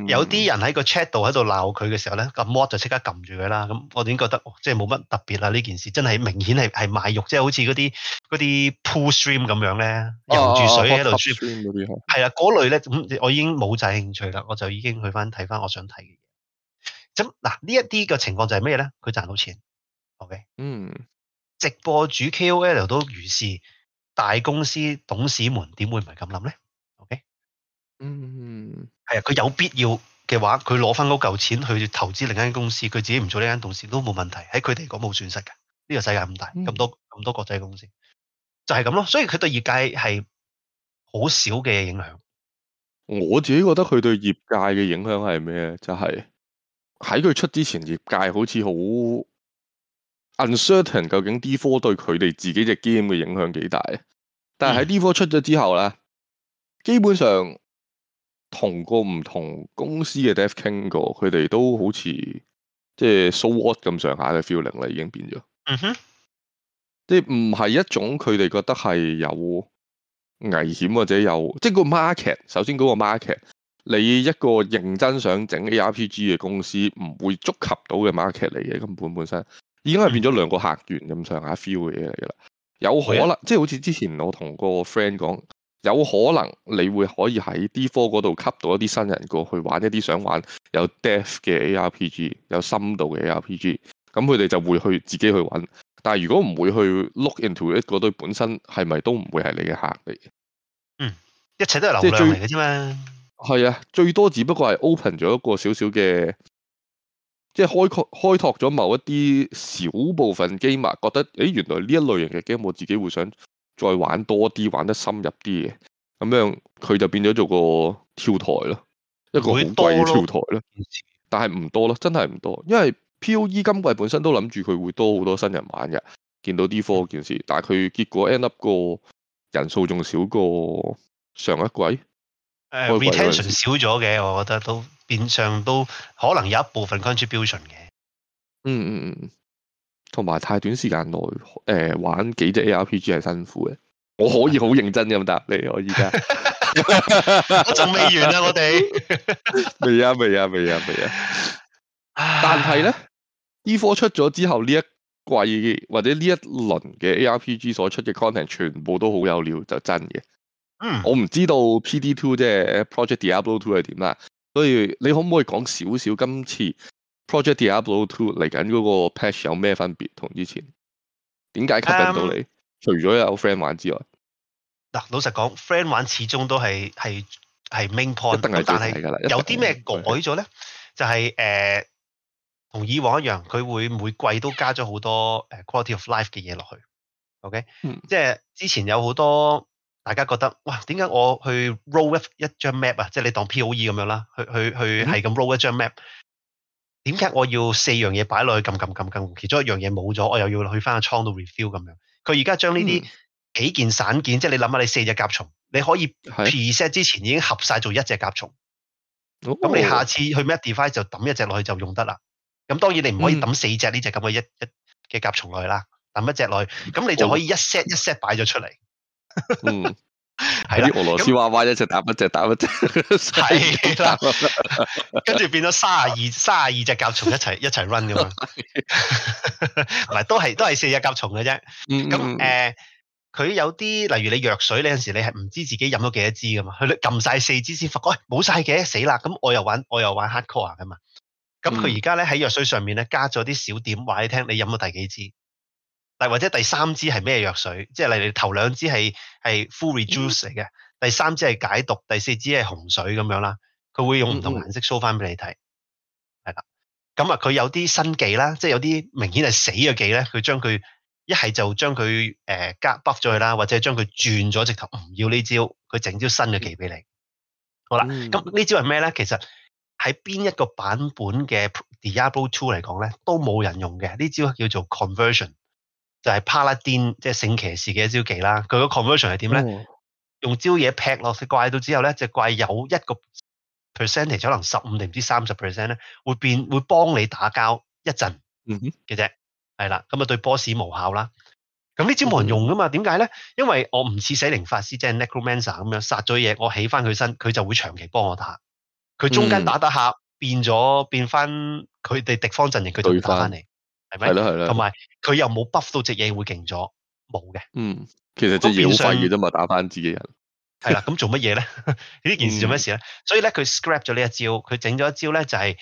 有啲人喺個 chat 度喺度鬧佢嘅時候咧，咁 mod 就即刻撳住佢啦。咁我點覺得即係冇乜特別啊？呢件事真係明顯係係賣肉，即係好似嗰啲啲 pool stream 咁樣咧，游住水喺度 stream 嗰啲。係啦，嗰類咧，我已經冇晒興趣啦，我就已經去翻睇翻我想睇嘅嘢。咁嗱，呢一啲嘅情況就係咩咧？佢賺到錢。OK，嗯。直播主 KOL 都如是，大公司董事們點會唔係咁諗呢？OK，嗯，係啊，佢有必要嘅話，佢攞翻嗰嚿錢去投資另一間公司，佢自己唔做呢間董事都冇問題，喺佢哋嚟講冇損失噶。呢個世界咁大，咁多咁多國際公司，就係咁咯。所以佢對業界係好少嘅影響。我自己覺得佢對業界嘅影響係咩？就係喺佢出之前，業界好似好。uncertain 究竟 D4 對佢哋自己隻 game 嘅影響幾大啊？但係喺 D4 出咗之後咧，嗯、基本上同個唔同公司嘅 dev 傾過，佢哋都好似即係 so what 咁上下嘅 feeling 啦，已經變咗。嗯、哼即唔係一種佢哋覺得係有危險或者有，即係個 market。首先嗰個 market，你一個認真想整 ARPG 嘅公司唔會觸及到嘅 market 嚟嘅，根本本身。已經係變咗兩個客源咁上下 feel 嘅嘢嚟啦。有可能，的即係好似之前我同個 friend 講，有可能你會可以喺 D4 嗰度吸到一啲新人過去玩一啲想玩有 depth 嘅 ARPG，有深度嘅 ARPG。咁佢哋就會去自己去玩，但係如果唔會去 look into 一堆本身係咪都唔會係你嘅客嚟？嗯，一切都係流量嚟嘅啫嘛。係啊，最多只不過係 open 咗一個少少嘅。即係開拓開拓咗某一啲小部分機密，覺得誒、欸、原來呢一類型嘅 game，我自己會想再玩多啲，玩得深入啲嘅。咁樣佢就變咗做個跳台咯，一個好貴嘅跳台咯。但係唔多咯，不多了，真係唔多，因為 P.O.E 今季本身都諗住佢會多好多新人玩嘅，見到 D4 件事，但係佢結果 end up 個人數仲少過上一季。誒、uh，retention 少咗嘅，我覺得都變相都可能有一部分 contribution 嘅。嗯嗯嗯，同埋太短時間內，誒、呃，玩幾隻 ARPG 係辛苦嘅。我可以好認真咁答你，我而家仲未完啊！我哋未 [laughs] [laughs] 啊，未啊，未啊，未啊！但係咧，E 科出咗之後呢一季或者呢一輪嘅 ARPG 所出嘅 content 全部都好有料，就真嘅。嗯、我唔知道 PD2 即係 Project Diablo 2係點啦，所以你可唔可以講少少今次 Project Diablo 2嚟緊嗰個 patch 有咩分別同之前？點解吸引到你？嗯、除咗有 friend 玩之外，嗱，老實講，friend 玩始終都係係係 main point，是但係噶啦，有啲咩改咗咧？就係、是、誒，同、呃、以往一樣，佢會每季都加咗好多誒 quality of life 嘅嘢落去。OK，、嗯、即係之前有好多。.大家覺得哇，點解我去 roll 一張 map 啊？即係你當 POE 咁樣啦，去去去係咁 roll 一張 map。點解我要四樣嘢擺落去撳撳撳撳？其中一樣嘢冇咗，我又要去翻個倉度 refill 咁樣。佢而家將呢啲幾件散件，嗯、即係你諗下，你四隻甲蟲，你可以 set 之前已經合晒做一隻甲蟲。咁的你下次去 map device 就抌一隻落去就用得啦。咁當然你唔可以抌四隻呢隻咁嘅一一嘅甲蟲落去啦，抌一隻落去，咁你就可以一 set 一 set 擺咗出嚟。哦。嗯，係啦，俄羅斯娃娃一隻打一隻打一隻，係啦， [laughs] 跟住變咗三廿二三廿二隻甲蟲一齊一齊 run 噶嘛，嗱 [laughs] 都係都係四隻甲蟲嘅啫。咁誒、嗯，佢、呃、有啲例如你藥水呢陣時，你係唔知自己飲咗幾多支噶嘛？佢撳晒四支先發覺，喂冇晒嘅死啦！咁我又玩我又玩 hard core 噶嘛。咁佢而家咧喺藥水上面咧加咗啲小點，話你聽你飲咗第幾支。但或者第三支係咩藥水？即係例如頭兩支係係 full reduce 嚟嘅，嗯、第三支係解毒，第四支係紅水咁樣啦。佢會用唔同顏色 show 翻俾你睇，係啦。咁啊、嗯，佢有啲新技啦，即係有啲明顯係死嘅技咧。佢將佢一係就將佢誒加 buff 咗去啦，或者將佢轉咗直頭唔要呢招，佢整招新嘅技俾你好啦。咁、嗯、呢招係咩咧？其實喺邊一個版本嘅 Diablo Two 嚟講咧，都冇人用嘅呢招叫做 conversion。就係 Paladin，即係聖騎士嘅一招技啦。佢個 conversion 係點咧？嗯、用招嘢劈落隻怪度之後咧，隻怪有一個 percent，可能十五定唔知三十 percent 咧，會變會幫你打交一陣嘅啫。係啦、嗯哼，咁啊對 boss 無效啦。咁呢招冇人用噶嘛？點解咧？因為我唔似死靈法師，即、就、係、是、Necromancer 咁樣殺咗嘢，我起翻佢身，佢就會長期幫我打。佢中間打得下、嗯、變咗變翻佢哋敵方陣營，佢就會打翻你。係咪？係係，同埋佢又冇 buff 到隻嘢會勁咗，冇嘅。嗯，其實即係冇發啫嘛，打翻自己人。係 [laughs] 啦，咁做乜嘢咧？呢 [laughs] 件事做乜事咧？嗯、所以咧，佢 scrap 咗呢一招，佢整咗一招咧，就係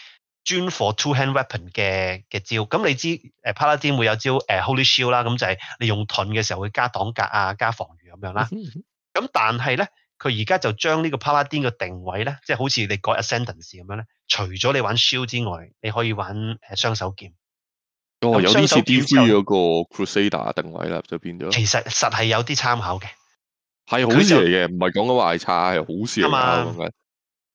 專 for two hand weapon 嘅嘅招。咁你知誒、啊、Paladin 會有招誒、啊、，holy shield 啦，咁就係你用盾嘅時候會加擋格啊，加防禦咁樣啦。咁 [laughs] 但係咧，佢而家就將呢個 Paladin 嘅定位咧，即、就、係、是、好似你改 ascendancy 咁樣咧，除咗你玩 shield 之外，你可以玩誒雙手劍。哦、有啲似 D.V. 嗰個 Crusader 定位啦，就變咗。其實實係有啲參考嘅，係就好事嚟嘅，唔係講嘅話係差係好事啊嘛。嗯、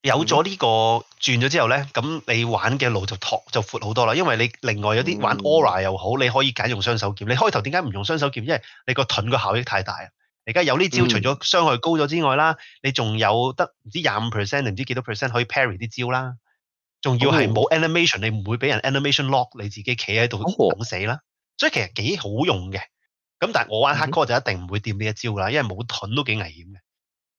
有咗呢、呢個轉咗之後咧，咁你玩嘅路就拓就闊好多啦。因為你另外有啲、嗯、玩 Aura 又好，你可以揀用雙手劍。你開頭點解唔用雙手劍？因為你個盾個效益太大啊。而家有呢招，除咗傷害高咗之外啦，嗯、你仲有得唔知廿五 percent 定唔知幾多 percent 可以 Parry 啲招啦。仲要係冇 animation，你唔會俾人 animation lock，你自己企喺度等死啦。嗯、所以其實幾好用嘅。咁但係我玩黑哥就一定唔會掂呢一招啦，因為冇盾都幾危險嘅。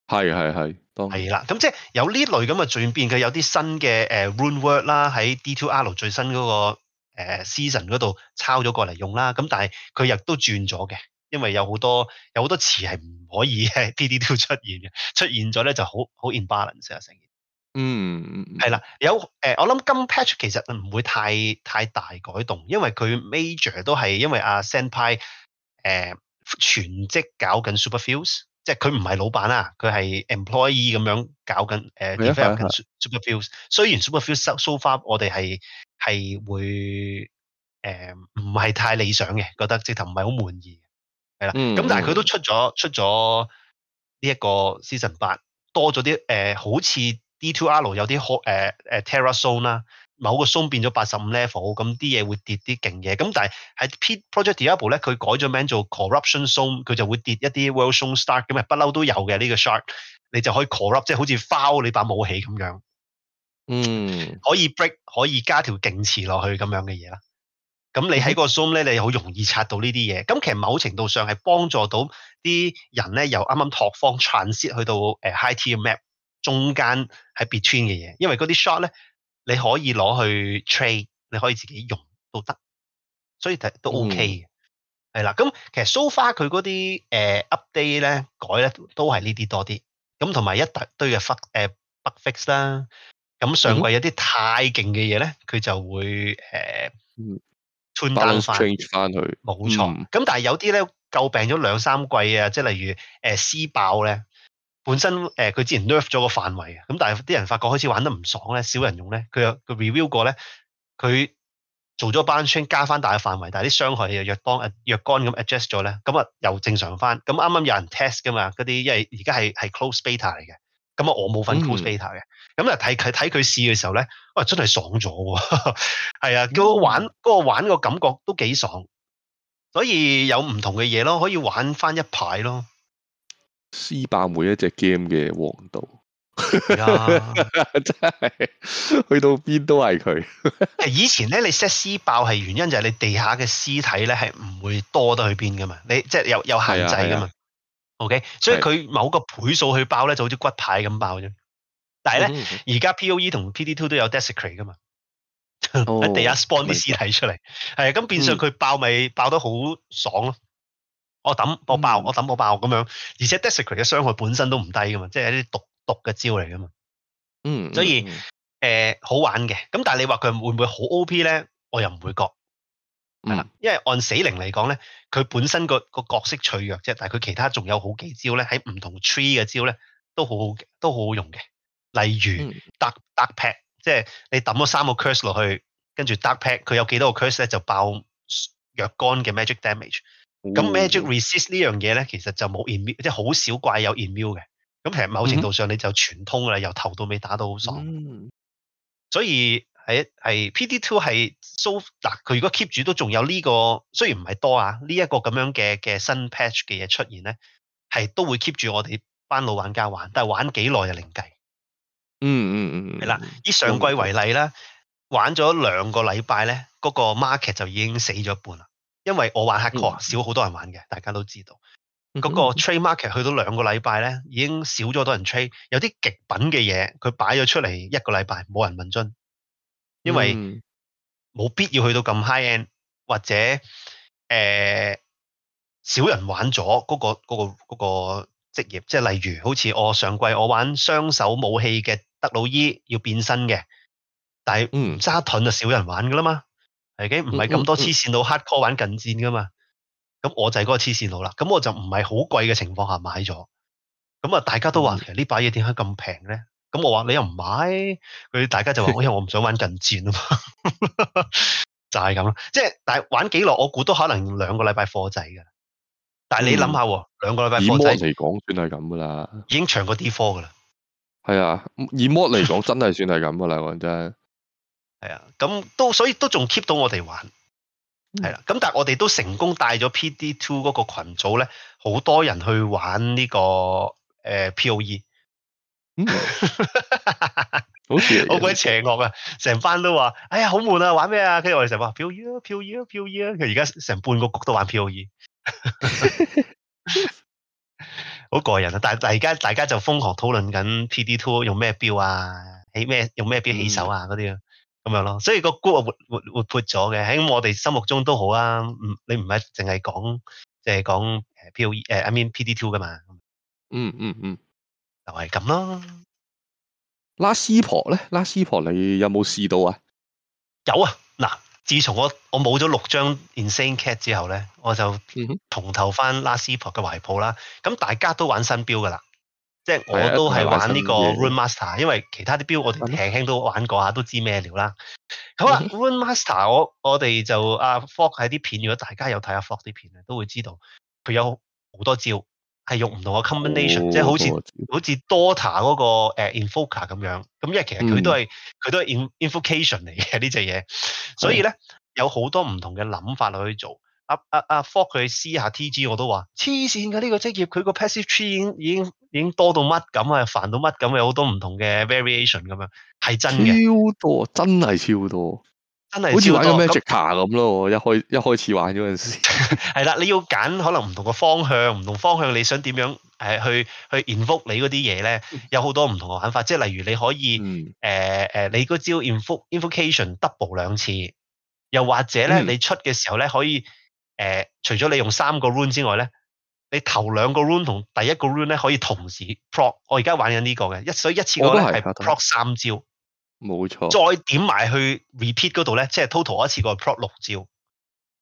係係係，係啦。咁即係有呢類咁嘅轉變，佢有啲新嘅誒 Rune Word 啦，喺 D2R 最新嗰個誒 season 嗰度抄咗過嚟用啦。咁但係佢亦都轉咗嘅，因為有好多有好多詞係唔可以喺 PD2 出現嘅，出現咗咧，就好好 in balance 啊成。嗯，係啦、mm hmm.，有誒、呃，我諗今 patch 其實唔會太太大改動，因為佢 major 都係因為阿 Send 派誒全職搞緊 Superfuse，即係佢唔係老闆啦，佢係 employee 咁樣搞緊誒。呃、Superfuse 雖然 Superfuse so, so far，我哋係係會誒唔係太理想嘅，覺得直頭唔係好滿意。係啦，咁、mm hmm. 但係佢都出咗出咗呢一個 Season 八，多咗啲誒，好似。D2R 有啲、uh, terror zone 啦，某個 zone 變咗八十五 level，咁啲嘢會跌啲勁嘢。咁但係喺 P project Diablo 咧，佢改咗名做 corruption zone，佢就會跌一啲 Worldstone Shard 咁咪不嬲都有嘅呢個 shard 你就可以 corrupt 即係好似 foul 你把武器咁樣，嗯，可以 break 可以加條勁刺落去咁樣嘅嘢啦。咁你喺個 zone 咧，你好容易拆到呢啲嘢。咁其實某程度上係幫助到啲人咧，由啱啱拓荒 t r a n s i t 去到、uh, high tier map。中間喺 between 嘅嘢，因為嗰啲 shot 咧，你可以攞去 trade，你可以自己用都得，所以都 OK 嘅。係啦、嗯，咁其實 so far 佢嗰啲誒 update 咧改咧都係呢啲多啲，咁同埋一大堆嘅忽、呃、bug fix 啦。咁上季有啲太勁嘅嘢咧，佢就會誒穿單翻去，冇錯。咁、嗯、但係有啲咧舊病咗兩三季啊，即係例如誒撕、呃、爆咧。本身誒佢、呃、之前 nerf 咗個範圍嘅，咁但係啲人發覺開始玩得唔爽咧，少人用咧，佢又佢 review 過咧，佢做咗 balance 加翻大嘅範圍，但係啲傷害又弱光弱光咁 adjust 咗咧，咁啊又正常翻。咁啱啱有人 test 㗎嘛，嗰啲因為而家係係 close beta 嚟嘅，咁啊我冇份 close beta 嘅，咁啊睇佢睇佢試嘅時候咧，哇真係爽咗喎，係 [laughs] 啊，嗰個、嗯、玩嗰個玩個感覺都幾爽，所以有唔同嘅嘢咯，可以玩翻一排咯。撕爆每一隻 game 嘅王道，真係去到邊都係佢。以前咧，你 set 撕爆係原因就係你地下嘅屍體咧係唔會多得去邊噶嘛，你即係有有限制噶嘛。OK，所以佢某個倍數去爆咧就好似骨牌咁爆啫。但係咧，而家 POE 同 PD Two 都有 desecrate 噶嘛，喺、 [laughs] oh, 地下 spawn 啲屍體出嚟，係咁 right. 變相佢爆咪爆得好爽咯、啊。Mm hmm. 我抌我爆我抌我爆咁樣，而且 desecrate 嘅傷害本身都唔低噶嘛，即係啲毒毒嘅招嚟噶嘛嗯。嗯，所以誒、呃、好玩嘅，咁但係你話佢會唔會好 O.P. 咧？我又唔會覺係啦，嗯、因為按死靈嚟講咧，佢本身個個角色脆弱啫，但係佢其他仲有好幾招咧，喺唔同 tree 嘅招咧都好好都好好用嘅。例如 dark,、嗯、dark pact 即係你抌咗三個 curse 落去，跟住 dark pact 佢有幾多個 curse 咧就爆若干嘅 magic damage。咁 magic resist 呢樣嘢咧，其實就冇 immune，即係好少怪有 immune 嘅。咁其實某程度上你就全通啦，嗯、哼由頭到尾打到好爽。所以係係 PD two 係 so 嗱，佢如果 keep 住都仲有呢、這個雖然唔係多啊，呢、這、一個咁樣嘅嘅新 patch 嘅嘢出現咧，係都會 keep 住我哋班老玩家玩，但係玩幾耐就另計。嗯嗯嗯係啦，以上季為例啦，玩咗兩個禮拜咧，嗰、那個 market 就已經死咗一半啦。因為我玩 Hardcore 少好多人玩嘅，大家都知道嗰、嗰個 Trade Market 去到兩個禮拜咧，已經少咗多人 Trade。有啲極品嘅嘢，佢擺咗出嚟一個禮拜冇人問津，因為冇必要去到咁 High End 或者誒少、呃、人玩咗嗰、嗰個、嗰個、嗰個那個職業，即係例如好似我上季我玩雙手武器嘅德魯伊要變身嘅，但係揸盾就少人玩噶啦嘛。係嘅，唔係咁多黐線佬 hardcore 玩近戰噶嘛，咁我就係嗰個黐線佬啦。咁我就唔係好貴嘅情況下買咗，咁啊大家都話：嗯、其實呢把嘢點解咁平咧？咁我話你又唔買，佢大家就話：因為 [laughs] 我唔想玩近戰啊嘛， [laughs] 就係咁咯。即係但係玩幾耐，我估都可能兩個禮拜貨仔嘅。但係你諗下，嗯、兩個禮拜貨仔嚟講，算係咁噶啦。已經長過 D4 噶啦。係啊，以 mod 嚟講，真係算係咁噶啦，講真。係啊，咁都所以都仲 keep 到我哋玩，係啦、啊。咁但係我哋都成功帶咗 P D Two 嗰個群組咧，好多人去玩呢、這個誒、呃、P O E，嗯、 [laughs] 好鬼邪惡啊！成班都話，哎呀，好悶啊，玩咩啊？跟住我哋成日話 P O E，P O E，P O E。佢而家成半個局都玩 P O E，好 [laughs] [laughs] [laughs] 過癮啊！但係但係而家大家就瘋狂討論緊 P D Two 用咩標啊，起咩用咩標起手啊嗰啲啊。嗯咁樣咯，所以個 group 活活，活活活潑咗嘅，喺我哋心目中都好啊。嗯，你唔係淨係講，即係講 POE，I mean PD2 嘅嘛。嗯嗯嗯，就係咁咯。拉斯婆咧，拉斯婆你有冇試到啊？有啊，嗱，自從我我冇咗六張 Insane Cat 之後咧，我就重投翻拉斯婆嘅懷抱啦。咁大家都玩新標噶啦。即係我都係玩呢個 Rune Master，因為其他啲 build 我哋輕輕都玩過下，都知咩料啦。好啦，Rune Master，我我哋就阿 Fox 喺啲片，如果大家有睇下 Fox 啲片咧，都會知道佢有好多招係用唔同嘅 combination、哦、即係好似、哦、好似 Dota 嗰個 Invoker 咁樣。咁因為其實佢都係佢、嗯、都係 invocation 嚟嘅呢隻嘢，所以咧、嗯、有好多唔同嘅諗法去做。阿阿阿 Fork 佢試下 TG 我都話黐線㗎呢個職業，佢個 passive tree 已經已經已經多到乜咁啊，煩到乜咁啊，有好多唔同嘅 variation 咁樣，係真嘅超多，真係超多，真係好似玩嘅 magic 卡咁咯，一開那一開始玩嗰陣時係啦，你要揀可能唔同嘅方向，唔同方向你想點樣誒、呃、去去 invoke 你嗰啲嘢咧，有好多唔同嘅玩法，即係例如你可以誒誒、嗯呃，你嗰招 invocation double 兩次，又或者咧、嗯、你出嘅時候咧可以。誒、呃，除咗你用三個 rune 之外咧，你頭兩個 rune 同第一個 rune 咧可以同時 proc, 我。我而家玩緊呢個嘅，一所以一次過呢我係 proc 三招，冇錯錯。再點埋去 repeat 嗰度咧，即係 total 一次過係 proc 六招。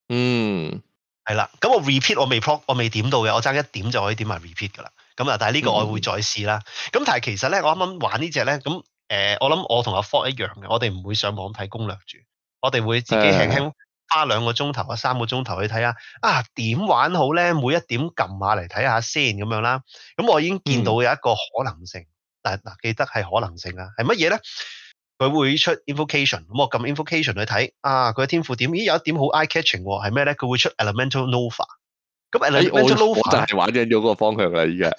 嗯，係啦。咁我 repeat 我未 proc, 我未點到嘅，我爭一點就可以點埋 repeat 噶啦。咁啊，但係呢個我會再試啦。咁、嗯、但係其實咧，我啱啱玩這呢隻咧，咁、呃、誒，我諗我同阿 Ford 一樣嘅，我哋唔會上網睇攻略住，我哋會自己輕輕、嗯。花兩個鐘頭啊，三個鐘頭去睇下，啊點玩好咧？每一點撳下嚟睇下先咁樣啦。咁我已經見到有一個可能性。嗯、但嗱，記得係可能性喇，啊，係乜嘢咧？佢會出 invocation 咁我撳 invocation 去睇啊。佢嘅天賦點？咦，有一點好 eye catching 喎，係咩咧？佢會出 elemental nova、e 哎。咁 elemental nova，是真係玩緊咗嗰個方向啦，而家。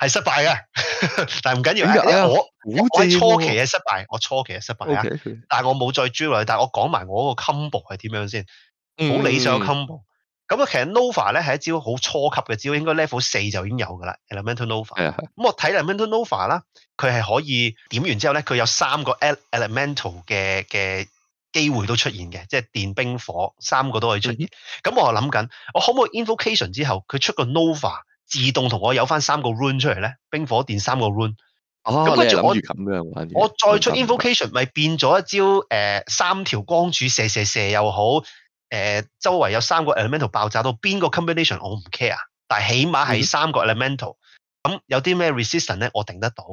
係 [laughs] 失敗嘅， [laughs] 但係唔緊要。我我初期係失敗，嗯、我初期係失敗啊！okay. 但係我冇再追落去。但係我講埋我個 combo 係點樣先？好、嗯、理想嘅 combo。咁、嗯、啊，嗯、其實 nova 咧係一招好初級嘅招，應該 level 四就已經有噶啦。的 elemental nova。咁我睇 elemental nova 啦，佢係可以點完之後咧，佢有三個 elemental 嘅嘅機會都出現嘅，即係電、冰、火三個都可以出現。咁、嗯、我諗緊，我可唔可以 invocation 之後佢出個 nova？自動同我有翻三個 rune，出嚟咧，冰火電三個 rune。咁跟住我，咁樣我再出 invocation，咪變咗一招誒、呃，三條光柱射射射又好，誒、呃、周圍有三個 elemental 爆炸到，邊個 combination 我唔 care，但係起碼係三個 elemental。咁、嗯、有啲咩 resistance 咧，我定得到。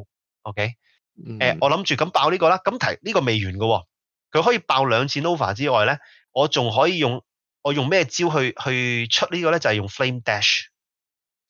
OK，誒、嗯呃、我諗住咁爆呢個啦。咁提呢個未完喎、哦。佢可以爆兩次 nova 之外咧，我仲可以用我用咩招去去出個呢個咧？就係、是、用 flame dash。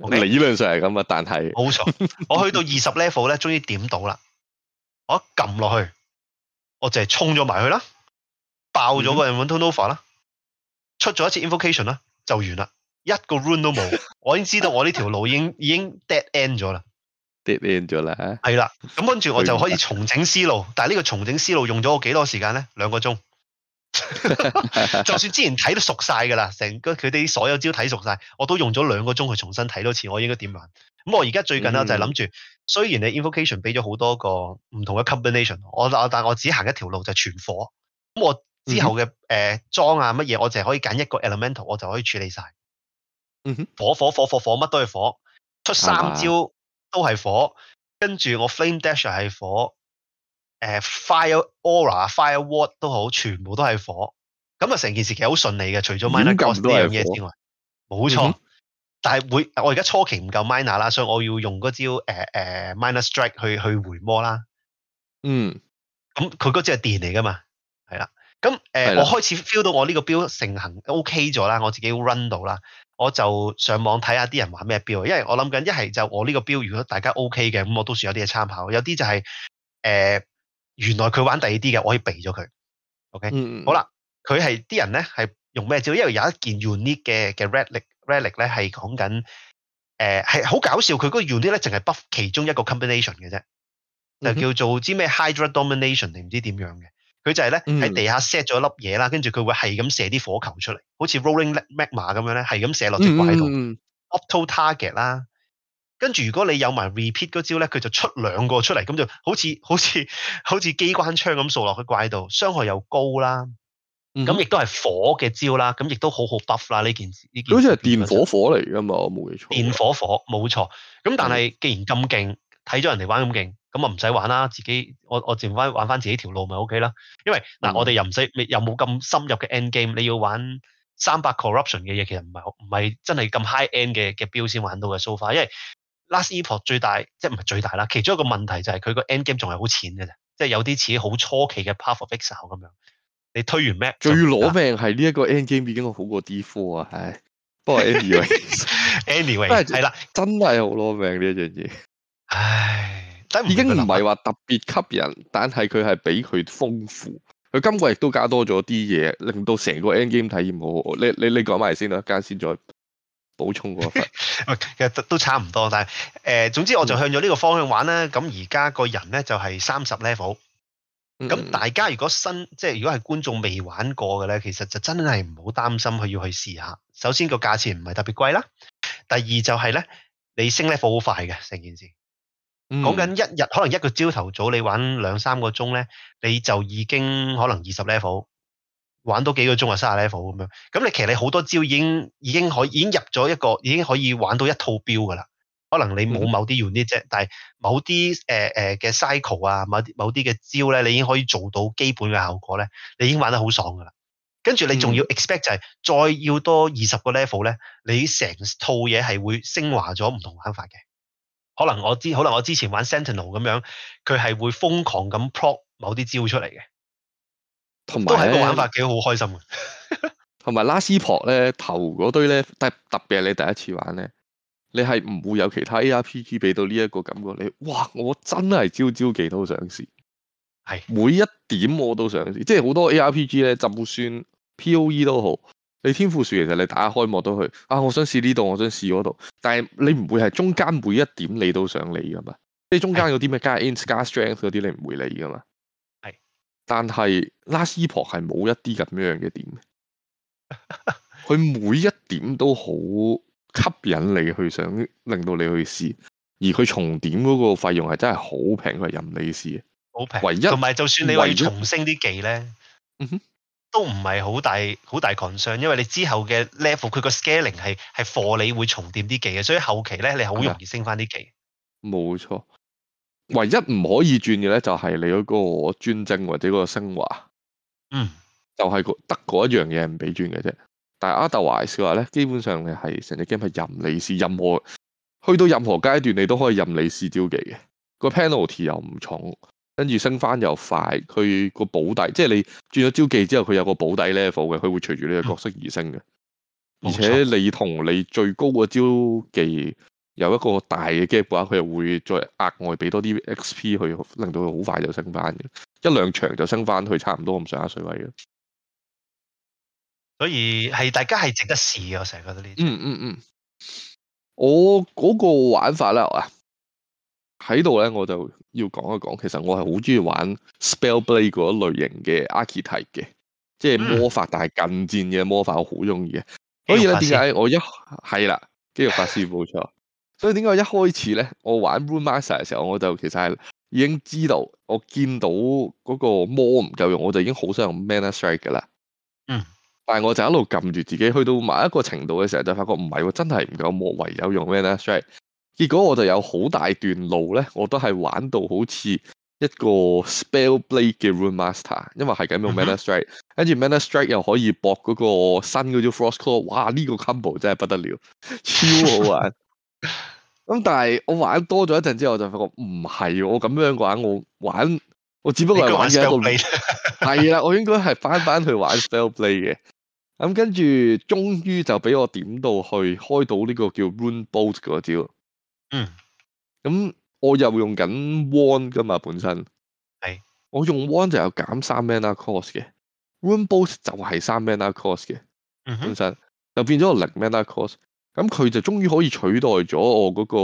Okay. 理論上係咁啊，但係冇錯，我去到二十 level 咧，終於點到啦。我一撳落去，我就係衝咗埋去啦，爆咗個 Immutonova 啦、嗯哼，出咗一次 invocation 啦，就完啦，一個 room 都冇。 [laughs] 我已經知道我呢條路已經已經 dead end 咗啦，dead end 咗啦。係啦， [laughs] 咁跟住我就可以重整思路。但係呢個重整思路用咗我幾多時間咧？兩個鐘。 [laughs] [laughs] 就算之前睇都熟晒噶啦，成個佢哋所有招睇熟晒，我都用咗兩個鐘去重新睇多次，我應該點玩？咁我而家最近咧就係諗住，雖然你 invocation 俾咗好多個唔同嘅 combination，我但我只行一條路就全火。咁我之後嘅誒裝啊乜嘢，我淨係可以揀一個 elemental，我就可以處理晒、嗯哼。火火火火火，乜都係火，出三招都係火，啊、跟住我 flame dash 係火。誒、uh，fire aura、fire ward 都好，全部都係火，咁啊成件事其實好順利嘅，除咗 miner cost 呢樣嘢之外，冇錯。嗯、但係會，我而家初期唔夠 miner 啦，所以我要用嗰招誒誒 minus strike 去去回魔啦。嗯，咁佢嗰招係電嚟噶嘛？係啦，咁誒、uh, 是的 我開始 feel 到我呢個標成行 OK 咗啦，我自己 run 到啦，我就上網睇下啲人玩咩標，因為我諗緊一係就我呢個標如果大家 OK 嘅，咁我都算有啲嘢參考，有啲就係、是、誒。呃原來佢玩第二啲嘅，我可以避咗佢。OK，嗯、好啦，佢係啲人咧係用咩招？因為有一件 unique 嘅嘅 relic relic 咧係講緊，係、呃、好搞笑。佢個 unique 咧淨係 buff 其中一個 combination 嘅啫，嗯、叫做知咩 hydra domination 定唔知點樣嘅。佢就係咧喺地下 set 咗粒嘢啦，跟住佢會係咁射啲火球出嚟，好似 rolling magma 咁樣咧，係咁射落直位喺度 auto target 啦。嗯跟住如果你有埋 repeat 嗰招咧，佢就出兩個出嚟，咁就好似好似好似機關槍咁掃落去怪度，傷害又高啦，咁亦都係火嘅招啦，咁亦都好好 buff 啦呢件呢件。好似係電火火嚟噶嘛？我冇記錯。電火火冇錯，咁但係既然咁勁，睇咗、嗯、人哋玩咁勁，咁啊唔使玩啦，自己我我淨翻玩翻自己條路咪 ok 啦。因為嗱、嗯，我哋又唔使，又冇咁深入嘅 end game，你要玩三百 corruption 嘅嘢，其實唔係唔係真係咁 high end 嘅嘅標先玩到嘅 so far，因為。Last Epoch 最大即係唔係最大啦，其中一個問題就係佢個 end game 仲係好淺嘅啫，即係有啲似好初期嘅 Path of Exile 咁樣。你推完咩？最攞命係呢一個 end game 已經好過 D4 啊！唉，不過 anyway，anyway 係啦，真係好攞命呢一樣嘢。唉，但已經唔係話特別吸引，但係佢係比佢豐富。佢今季亦都加多咗啲嘢，令到成個 end game 體驗好好。你你你講埋先啦，家先再。補充過， [laughs] 其實都差唔多，但係誒、呃，總之我就向咗呢個方向玩啦。咁而家個人咧就係三十 level。咁、嗯、大家如果新，即係如果係觀眾未玩過嘅咧，其實就真係唔好擔心，佢要去試下。首先個價錢唔係特別貴啦，第二就係咧，你升 level 好快嘅成件事。講緊、嗯、一日，可能一個朝頭早你玩兩三個鐘咧，你就已經可能二十 level。玩多幾個鐘啊，卅 level 咁樣，咁你其實你好多招已經已經可以，已經可以已經入咗一個，已經可以玩到一套 build 噶啦。可能你冇某啲 unique 啫，但係某啲誒誒嘅 cycle 啊，某啲某啲嘅招咧，你已經可以做到基本嘅效果咧，你已經玩得好爽噶啦。跟住你仲要 expect 就係、是嗯、再要多二十個 level 咧，你成套嘢係會昇華咗唔同玩法嘅。可能我之可能我之前玩 Sentinel 咁樣，佢係會瘋狂咁 proc 某啲招出嚟嘅。還有呢都係個玩法幾好開心，同埋 [laughs] 拉斯婆咧頭嗰堆咧，但特別係你第一次玩咧，你係唔會有其他 A R P G 俾到呢一個感覺，你哇我真係朝朝技都想試，係是的 每一點我都想試，即係好多 A R P G 咧，就算 P O E 都好，你天賦樹其實你打開幕都去啊，我想試呢度，我想試嗰度，但係你唔會係中間每一點你都想理噶嘛，即係中間有啲咩加 In 加 Strength 嗰啲，你唔會理噶嘛。但係拉斯婆 t 係冇一啲咁樣嘅點的，佢 [laughs] 每一點都好吸引你去想，令到你去試，而佢重點嗰個費用係真係好平，佢係任你試，好平。唯一同埋就算你話要重升啲技咧，唯都唔係好大好大 concern，因為你之後嘅 level，佢個 scaling 係係貨你會重掂啲技嘅，所以後期咧你好容易升翻啲技。冇錯、哎。唯一唔可以轉嘅咧，就係你嗰個專精或者個升華，嗯，就係得嗰一樣嘢唔俾轉嘅啫。但係 otherwise 嘅話咧，基本上你係成隻 game 係任你試任何去到任何階段，你都可以任你試招技嘅。個 penalty 又唔重，跟住升翻又快。佢個保底即係你轉咗招技之後，佢有個保底 level 嘅，佢會隨住你嘅角色而升嘅。而且你同你最高嘅招技。有一個大嘅 gap 嘅話，佢又會再額外俾多啲 XP 去令到佢好快就升翻嘅，一兩場就升翻去差唔多咁上下水位嘅。所以係大家係值得試，我成日覺得呢啲嗯。嗯嗯嗯，我嗰個玩法啦啊，喺度咧我就要講一講。其實我係好中意玩 Spell Blade 嗰類型嘅 Archetype 嘅，即係魔法但係近戰嘅魔法，嗯、魔法我好中意嘅。所以咧，點解我一係啦，肌肉法師冇錯。 [laughs] 所以點解一開始咧，我玩 Rune Master 嘅時候，我就其實係已經知道我見到嗰個魔唔夠用，我就已經好想用 Mana Strike 噶啦。嗯。但係我就一路撳住自己，去到某一個程度嘅時候，就發覺唔係喎，真係唔夠魔，唯有用 Mana Strike。結果我就有好大段路咧，我都係玩到好似一個 Spell Blade 嘅 Rune Master，因為係緊用 Mana Strike，跟住 Mana Strike 又可以駁嗰個新嗰啲 Frost Claw。哇！呢個 Combo 真係不得了，超好玩。 [laughs] 咁、嗯、但係我玩多咗一陣之後，我就發覺唔係我咁樣玩，我玩我只不過係玩嘅一個尾，係啦， [laughs] 我應該係翻翻去玩 spell play 嘅。咁跟住終於就俾我點到去開到呢個叫 Runebolt 嘅招。嗯、咁、嗯、我又用緊 one 噶嘛，本身係是我用 one 就有減三 mana cost 嘅，Runebolt 就係三 mana cost 嘅，嗯、哼本身又變咗個零 mana cost。咁佢就終於可以取代咗我嗰個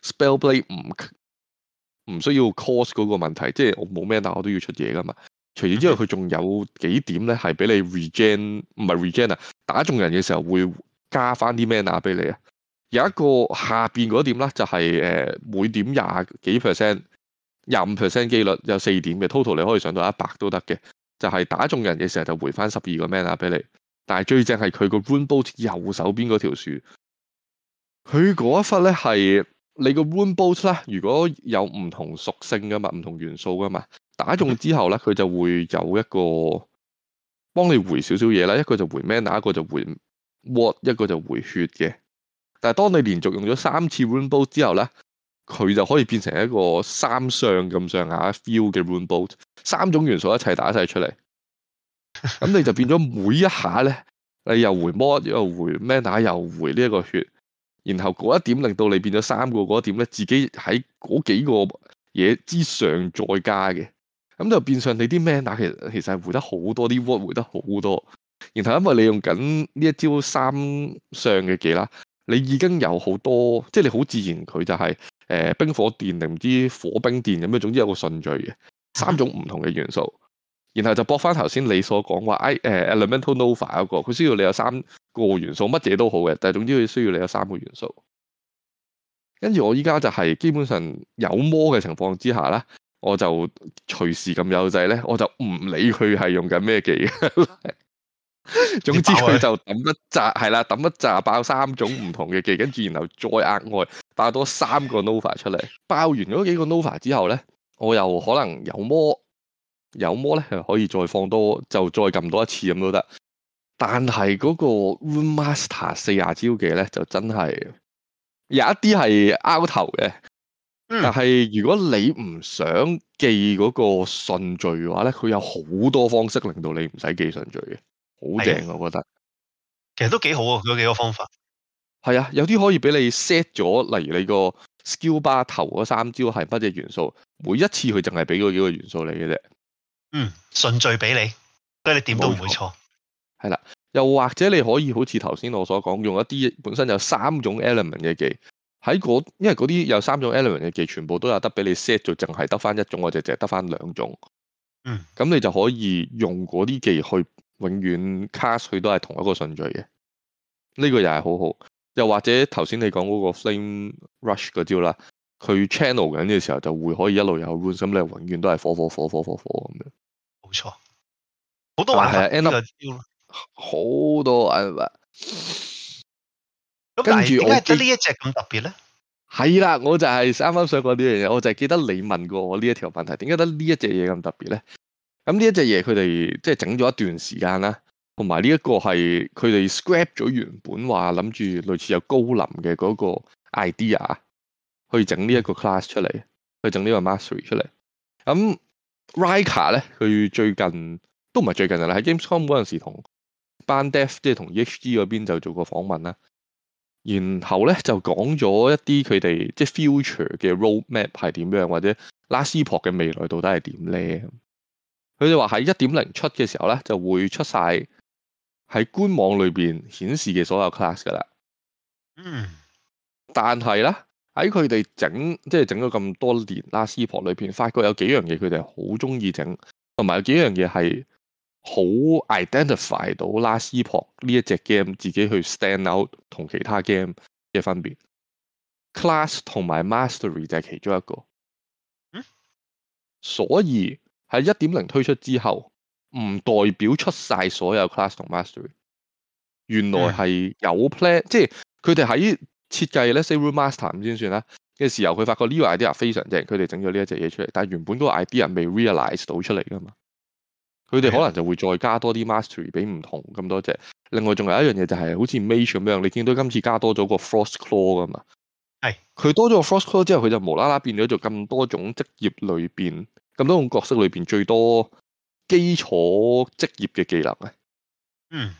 spell blade，唔唔需要 cost 嗰個問題，即係我冇咩但我都要出嘢噶嘛。除此之外，佢仲有幾點咧，係俾你 regen 唔係 regen 啊？打中人嘅時候會加翻啲 mana 俾你啊？有一個下邊嗰點咧，就係每點廿幾 percent，廿五 percent 機率有四點嘅 total，你可以上到一百都得嘅，就係、是、打中人嘅時候就回翻十二個 mana 俾你。但係最正係佢個 run boat 右手邊嗰條樹。佢嗰一忽咧係你個 Runebolt 啦，如果有唔同屬性嘅嘛，唔同元素嘅嘛，打中之後咧，佢就會有一個幫你回少少嘢啦。一個就回 mana，一個就回 ward，一個就回血嘅。但係當你連續用咗三次 Runebolt 之後咧，佢就可以變成一個三相咁上下 feel 嘅 Runebolt，三種元素一齊打晒出嚟，咁你就變咗每一下咧，你又回 ward，又回 mana，又回呢一個血。然後嗰一點令到你變咗三個嗰一點咧，自己喺嗰幾個嘢之上再加嘅，咁就變相你啲 mana，其實其實係回得好多啲 word，回得好多。然後因為你用緊呢一招三相嘅技啦，你已經有好多，即係你好自然佢就係、是、誒、呃、冰火電定唔知火冰電咁樣，總之有一個順序嘅三種唔同嘅元素。然後就駁翻頭先你所講話，誒誒 Elemental Nova 嗰個，佢需要你有三個元素，乜嘢都好嘅，但係總之佢需要你有三個元素。跟住我依家就係基本上有魔嘅情況之下啦，我就隨時咁幼掣咧，我就唔理佢係用緊咩技， [laughs] 總之佢就抌一咋，係啦，抌一咋爆三種唔同嘅技，跟住然後再額外爆多三個 Nova 出嚟。爆完嗰幾個 Nova 之後咧，我又可能有魔。有魔咧，可以再放多，就再撳多一次咁都得。但係嗰個 Rune Master 四十招嘅咧，就真係有一啲係 out 頭嘅。嗯、但係如果你唔想記嗰個順序嘅話咧，佢有好多方式令到你唔使記順序嘅，好正的我覺得。其實都幾好啊，嗰幾個方法。係啊，有啲可以俾你 set 咗，例如你個 skill bar 頭嗰三招係乜嘢元素，每一次佢淨係俾到幾個元素你嘅啫。嗯，順序俾你，即係你點都唔會錯，係啦。又或者你可以好似頭先我所講，用一啲本身有三種 element 嘅技喺，因為嗰啲有三種 element 嘅技，全部都有得俾你 set 就淨係得翻一種，或者淨係得翻兩種。嗯，咁你就可以用嗰啲技去永遠 cast 佢都係同一個順序嘅，呢個又係好好。又或者頭先你講嗰個 flame rush 嗰招啦。去 channel 緊嘅時候就會可以一路有 boost 咁，你永遠都係火火火火火火咁樣。冇錯，好多話題係啊，好 end up, 多跟住我覺得呢一隻咁特別咧？係啦，我就係啱啱想講呢樣嘢，我就記得你問過我呢一條問題，點解得呢一隻嘢咁特別咧？咁呢一隻嘢佢哋即係整咗一段時間啦，同埋呢一個係佢哋 scrap 咗原本話諗住類似有高林嘅嗰個 idea。去整呢一個 class 出嚟，去整呢個 master 出嚟。咁 Rika 咧，佢最近都唔係最近嘅啦，喺 Gamescom 嗰陣時同班 Death 即係同 HG 嗰邊就做過訪問啦。然後咧就講咗一啲佢哋即係 future 嘅 roadmap 係點樣，或者 Last Epoch 嘅未來到底係點咧？佢哋話喺一點零出嘅時候咧，就會出晒喺官網裏邊顯示嘅所有 class 噶啦。嗯，但係咧。喺佢哋整即係整咗咁多年啦，Last Epoch 裏邊，發覺有幾樣嘢佢哋好中意整，同埋有幾樣嘢係好 identify 到《Last Epoch》呢一隻 game 自己去 stand out 同其他 game 嘅分別。class 同埋 mastery 就係其中一個。所以喺一點零推出之後，唔代表出晒所有 class 同 mastery。原來係有 plan，Yeah. 即係佢哋喺。設計咧 Rune Master 先算啦嘅時候，佢發覺呢個 idea 非常正，佢哋整咗呢一隻嘢出嚟。但係原本嗰個 idea 未 realize 到出嚟噶嘛，佢哋可能就會再加多啲 master 俾唔同咁多隻。另外仲有一樣嘢就係好似 mage 咁樣，你見到今次加多咗個 frost claw 噶嘛？係。佢多咗個 frost claw 之後，佢就無啦啦變咗做咁多種職業裏邊、咁多種角色裏邊最多基礎職業嘅技能咧。嗯。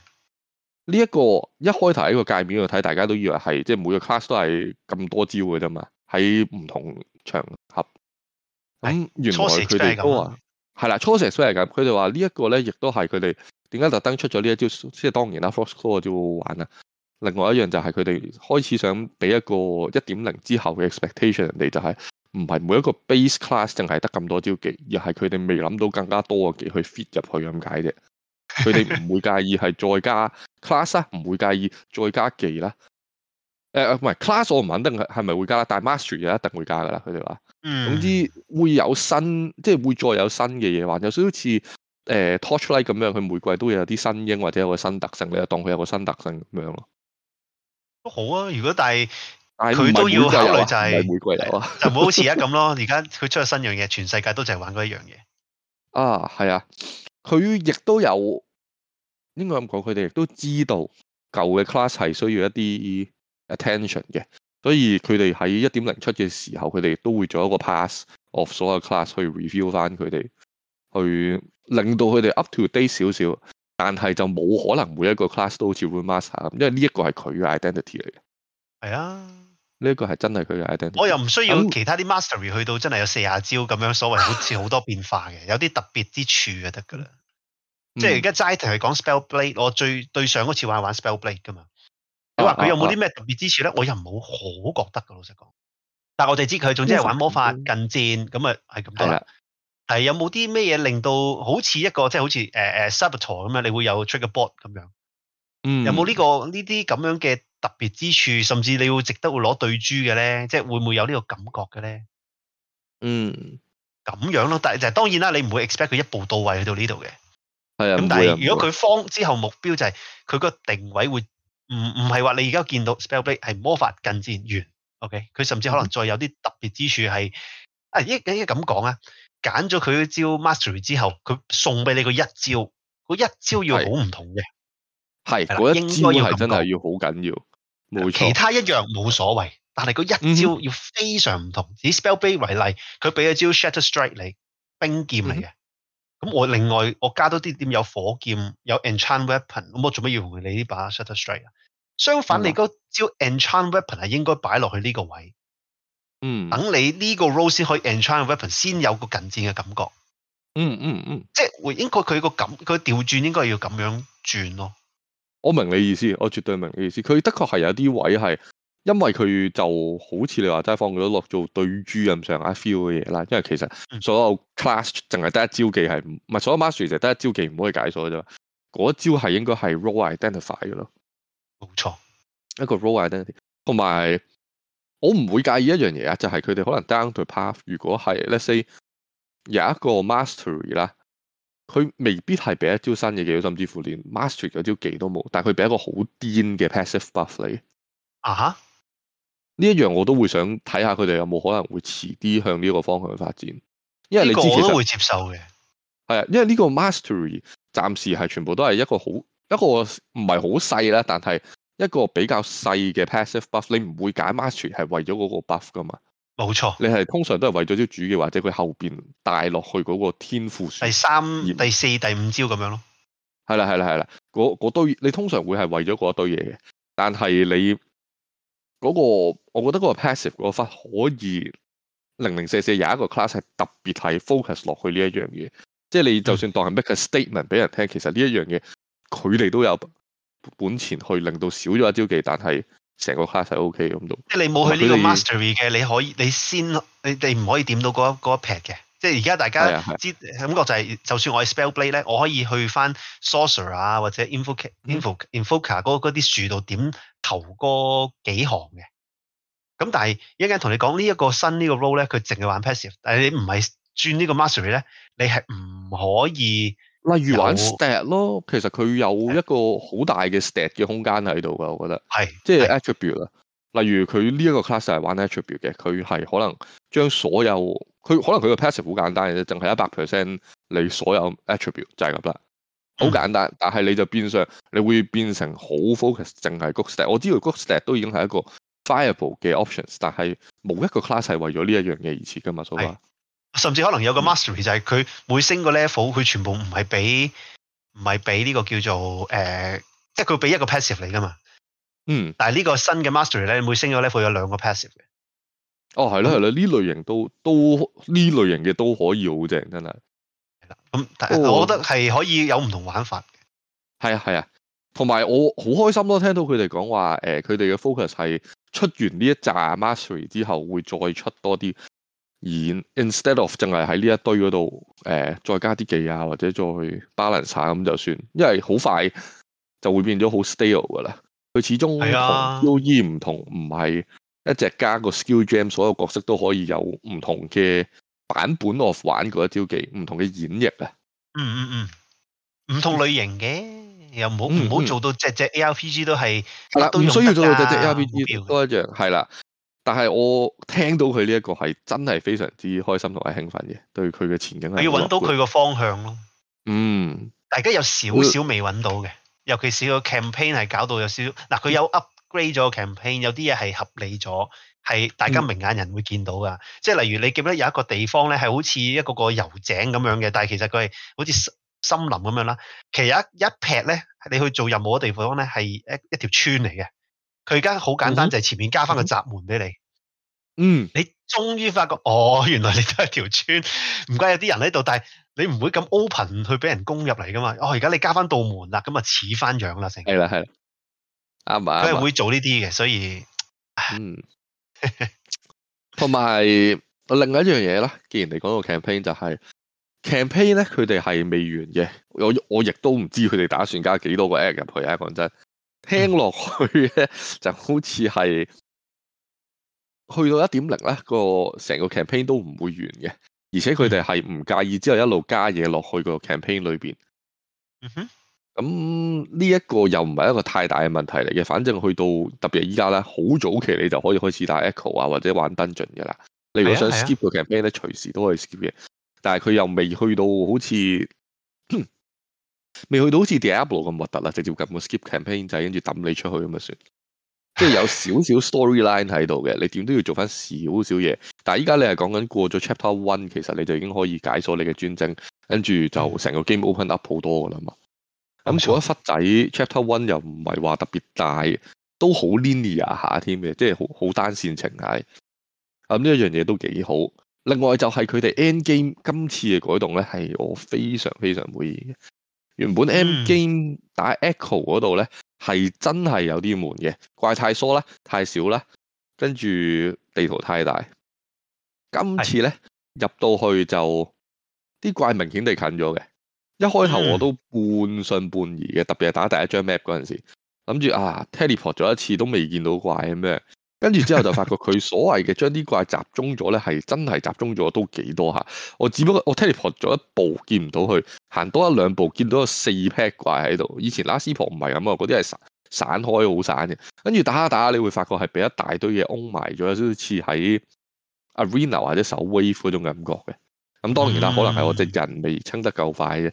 呢一個一開頭喺個介面度睇，大家都以為係即係每個 class 都係咁多招嘅啫嘛。喺唔同場合，咁、嗯、原來佢哋都話係啦初次表現係咁。佢哋話呢一個咧，亦都係佢哋點解特登出咗呢一招？即係當然啦，fox c 嗰個招好好玩啊。另外一樣就係佢哋開始想俾一個一點零之後嘅 expectation，人哋就係唔係每一個 base class 淨係得咁多招技，而係佢哋未諗到更加多嘅技去 fit 入去咁解啫。佢哋唔會介意係再加 class 啊，唔會介意再加技啦。誒、uh，唔係 class 我唔肯定係咪會加，但係 master 就一定會加噶啦。佢哋話，嗯、總之會有新，即係會再有新嘅嘢玩。有少少似誒 torchlight 咁樣，佢每季都有啲新英或者有、欸、有，新或者有個新特性，你又當佢有個新特性咁樣咯。都好啊，如果但係佢但他、啊、都要考慮就係、是、每季嚟啊， [laughs] 就唔好似而家咁咯。而家佢出咗新樣嘢，全世界都淨係玩嗰一樣嘢。啊，係啊，佢亦都有。應該咁講，佢哋亦都知道舊嘅 class 係需要一啲 attention 嘅，所以佢哋喺1.0出嘅時候，佢哋都會做一個 pass of 所有 class 去 review 翻佢哋，去令到佢哋 up to date 少少。但係就冇可能每一個 class 都好似 Rune Master 咁，因為呢一個係佢嘅 identity 嚟嘅。係啊，呢一個係真係佢嘅 identity。我又唔需要其他啲 mastery 去到真係有四十招咁樣，所謂好似好多變化嘅， [laughs] 有啲特別之處就得㗎啦。嗯、即係而家齋提係講 spellblade，我最對上嗰次玩係玩 spellblade 噶嘛。你話佢有冇啲咩特別之處咧？啊啊啊、我又唔好覺得㗎。老實講。但我哋知佢總之係玩魔法近戰咁啊，係咁多啦。係、嗯、有冇啲咩嘢令到好似一個即係、就是、好似 Saboteur 咁樣？你會有出個 bot 咁樣？嗯、有冇呢、呢個呢啲咁樣嘅特別之處？甚至你要值得會攞對珠嘅咧？即係會唔會有呢個感覺嘅咧？嗯。咁樣咯，但係就當然啦，你唔會 expect 佢一步到位去到呢度嘅。係啊，咁、嗯、但係如果佢方之後目標就係佢個定位會唔唔係話你而家見到 Spell Blade 係魔法近戰員，OK？佢甚至可能再有啲特別之處係、嗯、啊，應該應該咁講啊，揀咗佢招 mastery 之後，佢送俾你嗰一招，嗰一招要好唔同嘅，係嗰的一招是真的要真係要好緊要，冇錯其他一樣冇所謂，但係嗰一招要非常唔同。嗯、哼以 Spell Blade 為例，佢俾咗招 shatter strike 你，冰劍嚟嘅。嗯。咁我另外我加多啲點有火劍有 Enchant Weapon。咁我做乜要用你呢把 Shatter Strike 啊？相反你，你嗰招、嗯、Enchant Weapon 係應該擺落去呢個位，嗯，等你呢個 row 先可以 Enchant Weapon，先有個近戰嘅感覺，嗯嗯嗯，嗯嗯即係會應該佢、嗰個感佢調轉應該要咁樣轉咯。我明你意思，我絕對明你意思。佢的確係有啲位係。因為佢就好似你話，齋放佢落做對豬咁上下 feel 嘅嘢啦。因為其實所有 class 淨係得一招技係唔係，所有 mastery 就係得一招技唔可以解鎖嘅啫。嗰一招係應該係 role identify 嘅咯，冇錯，一個 role identity。同埋我唔會介意一樣嘢啊，就係佢哋可能 down to path。如果係 let's say 有一個 mastery 啦，佢未必係俾一招新嘅技，甚至乎連 mastery 嗰招技都冇，但係佢俾一個好癲嘅 passive buff 你啊？呢一樣我都會想睇下佢哋有冇可能會遲啲向呢個方向去發展，因這個也，因為你自己都會接受嘅，係啊，因為呢個 mastery 暫時係全部都係一個好一個唔係好細啦，但係一個比較細嘅 passive buff，你唔會揀 mastery 係為咗嗰個 buff 噶嘛？冇錯，你係通常都係為咗啲主嘅，或者佢後邊帶落去嗰個天賦樹，第三、第四、第五招咁樣咯，係啦，係啦，係啦，嗰堆你通常會係為咗嗰一堆嘢嘅，但係你。嗰、嗰個我覺得嗰個 passive 嗰忽可以零零四四有一個 class 係特別係 focus 落去呢一樣嘢，即係你就算當係 make a statement 俾人聽，其實呢一樣嘢佢哋都有本錢去令到少咗一招技，但係成個 class 係 OK 咁，都即係你冇去呢個 mastery 嘅，們你可以你先你哋唔可以點到嗰一嗰一撇嘅。即係而家大家知、啊啊、感覺就係、是，就算我係 spellblade 咧，我可以去翻 sorcerer 啊，或者 infoc、嗯、i n f infoker 嗰啲樹度點投個幾行嘅。咁但係一陣間同你講呢一個新呢個 role 咧，佢淨係玩 passive，但係你唔係轉個呢個 mastery 咧，你係唔可以。例如玩 stat 咯，其實佢有一個好大嘅 stat 嘅空間喺度噶，我覺得。係是，即係 attribute 啦是。例如佢呢一個 class 係玩 attribute 嘅，佢係可能將所有。佢可能佢個 passive 好簡單嘅啫，淨係一百 percent 你所有 attribute 就係咁啦，好簡單。嗯，但係你就變相，你會變成好 focus，淨係嗰 stack 我知道嗰 stack 都已經係一個 viable 嘅 options，但係冇一個 class 係為咗呢一樣嘢而設噶嘛，所以甚至可能有一個 mastery 就係佢每升個 level，佢全部唔係俾唔係俾呢個叫做誒，即係佢俾一個 passive 嚟噶嘛。嗯。但係呢個新嘅 mastery 咧，每升個 level 有兩個 passive。哦，係啦，係啦，呢、mm hmm. 類型都都呢類型嘅都可以好正，真係。係啦、嗯，咁但係我覺得係可以有唔同玩法嘅。係啊、哦，係啊，同埋我好開心咯，聽到佢哋講話，誒、呃，佢哋嘅 focus 係出完呢一紮 mastery 之後會再出多啲，而 instead of 淨係喺呢一堆嗰度，誒、呃，再加啲技啊，或者再去 balance 咁就算，因為好快就會變咗好 stable 噶啦。佢始終同 POE 唔同，唔係的。不是一隻加個 Skill Gem，所有角色都可以有唔同嘅版本，我玩嗰一招技，唔同嘅演繹啊、嗯！嗯嗯嗯，唔同類型嘅、嗯、又唔好唔好做到隻隻 ARPG 都係嗱，唔啦需要做到隻隻 ARPG 都一樣係啦。但係我聽到佢呢一個係真係非常之開心同埋興奮嘅，對佢嘅前景係要揾到佢個方向咯。嗯，大家有少少未揾到嘅，的尤其是個 campaign 係搞到有少少嗱，佢有 up、嗯。grade 咗 campaign，有啲嘢係合理咗，係大家明眼人會見到噶。嗯、即係例如你記唔記得有一個地方咧係好似一個個油井咁樣嘅，但係其實佢係好似森林咁樣啦。其實一一劈咧，你去做任務嘅地方咧係一一條村嚟嘅。佢而家好簡單，就係前面加翻個閘門俾你。嗯，嗯，你終於發覺哦，原來你都係條村，唔怪有啲人喺度。但係你唔會咁 open 去俾人攻入嚟噶嘛。哦，而家你加翻道門啦，咁咪似翻樣啦，成係啦係啦。啱嘛，佢係會做呢啲嘅，所以嗯，同埋 [laughs] 另外一樣嘢啦，既然你講到 camp、就是、 [laughs] campaign，就係 campaign 咧，佢哋係未完嘅，我我亦都唔知佢哋打算加幾多個 app 入去啊！講真，聽落去咧就好似係、嗯、去到一點零咧，整個成個 campaign 都唔會完嘅，而且佢哋係唔介意之後一路加嘢落去個 campaign 裏邊。嗯、哼。咁呢一個又唔係一個太大嘅問題嚟嘅，反正去到特別係依家咧，好早期你就可以開始打 Echo 啊，或者玩 Dungeon 嘅啦。你如果想 skip 個 campaign 咧，啊啊、隨時都可以 skip 嘅。但係佢又未去到好似未去到好似 Diablo 咁核突啦，直接撳個 skip campaign 掣，跟住揼你出去咁啊算。即係有少少 storyline 喺度嘅，你點都要做翻少少嘢。但係依家你係講緊過咗 Chapter One，其實你就已經可以解鎖你嘅專精，跟住就成個 game open up 好多噶啦嘛。嗯。咁除、嗯、一忽仔、嗯、Chapter One 又唔係話特別大，都好 linear 下添嘅，即係好好單線程。係、嗯。咁呢一樣嘢都幾好。另外就係佢哋 Endgame 今次嘅改動咧，係我非常非常滿意嘅。原本 Endgame 打 Echo 嗰度咧，係、嗯、真係有啲悶嘅，怪太疏啦，太少啦，跟住地圖太大。今次咧入是到去，就啲怪明顯地近咗嘅。一開頭我都半信半疑嘅，特別係打第一張 map 嗰陣時，諗住啊，teleport 咗一次都未見到怪咁樣，跟住之後就發覺佢所謂嘅將啲怪集中咗咧，係真係集中咗都幾多下。我只不過我 teleport 咗一步見唔到佢，行多一兩步見到有四 pack 怪喺度。以前拉斯婆唔係咁啊，嗰啲係散開好散嘅。跟住打下打你會發覺係俾一大堆嘢擁埋咗，好似喺 Arena 或者守 wave 嗰種感覺嘅。咁當然啦，可能係我哋人未清得夠快啫，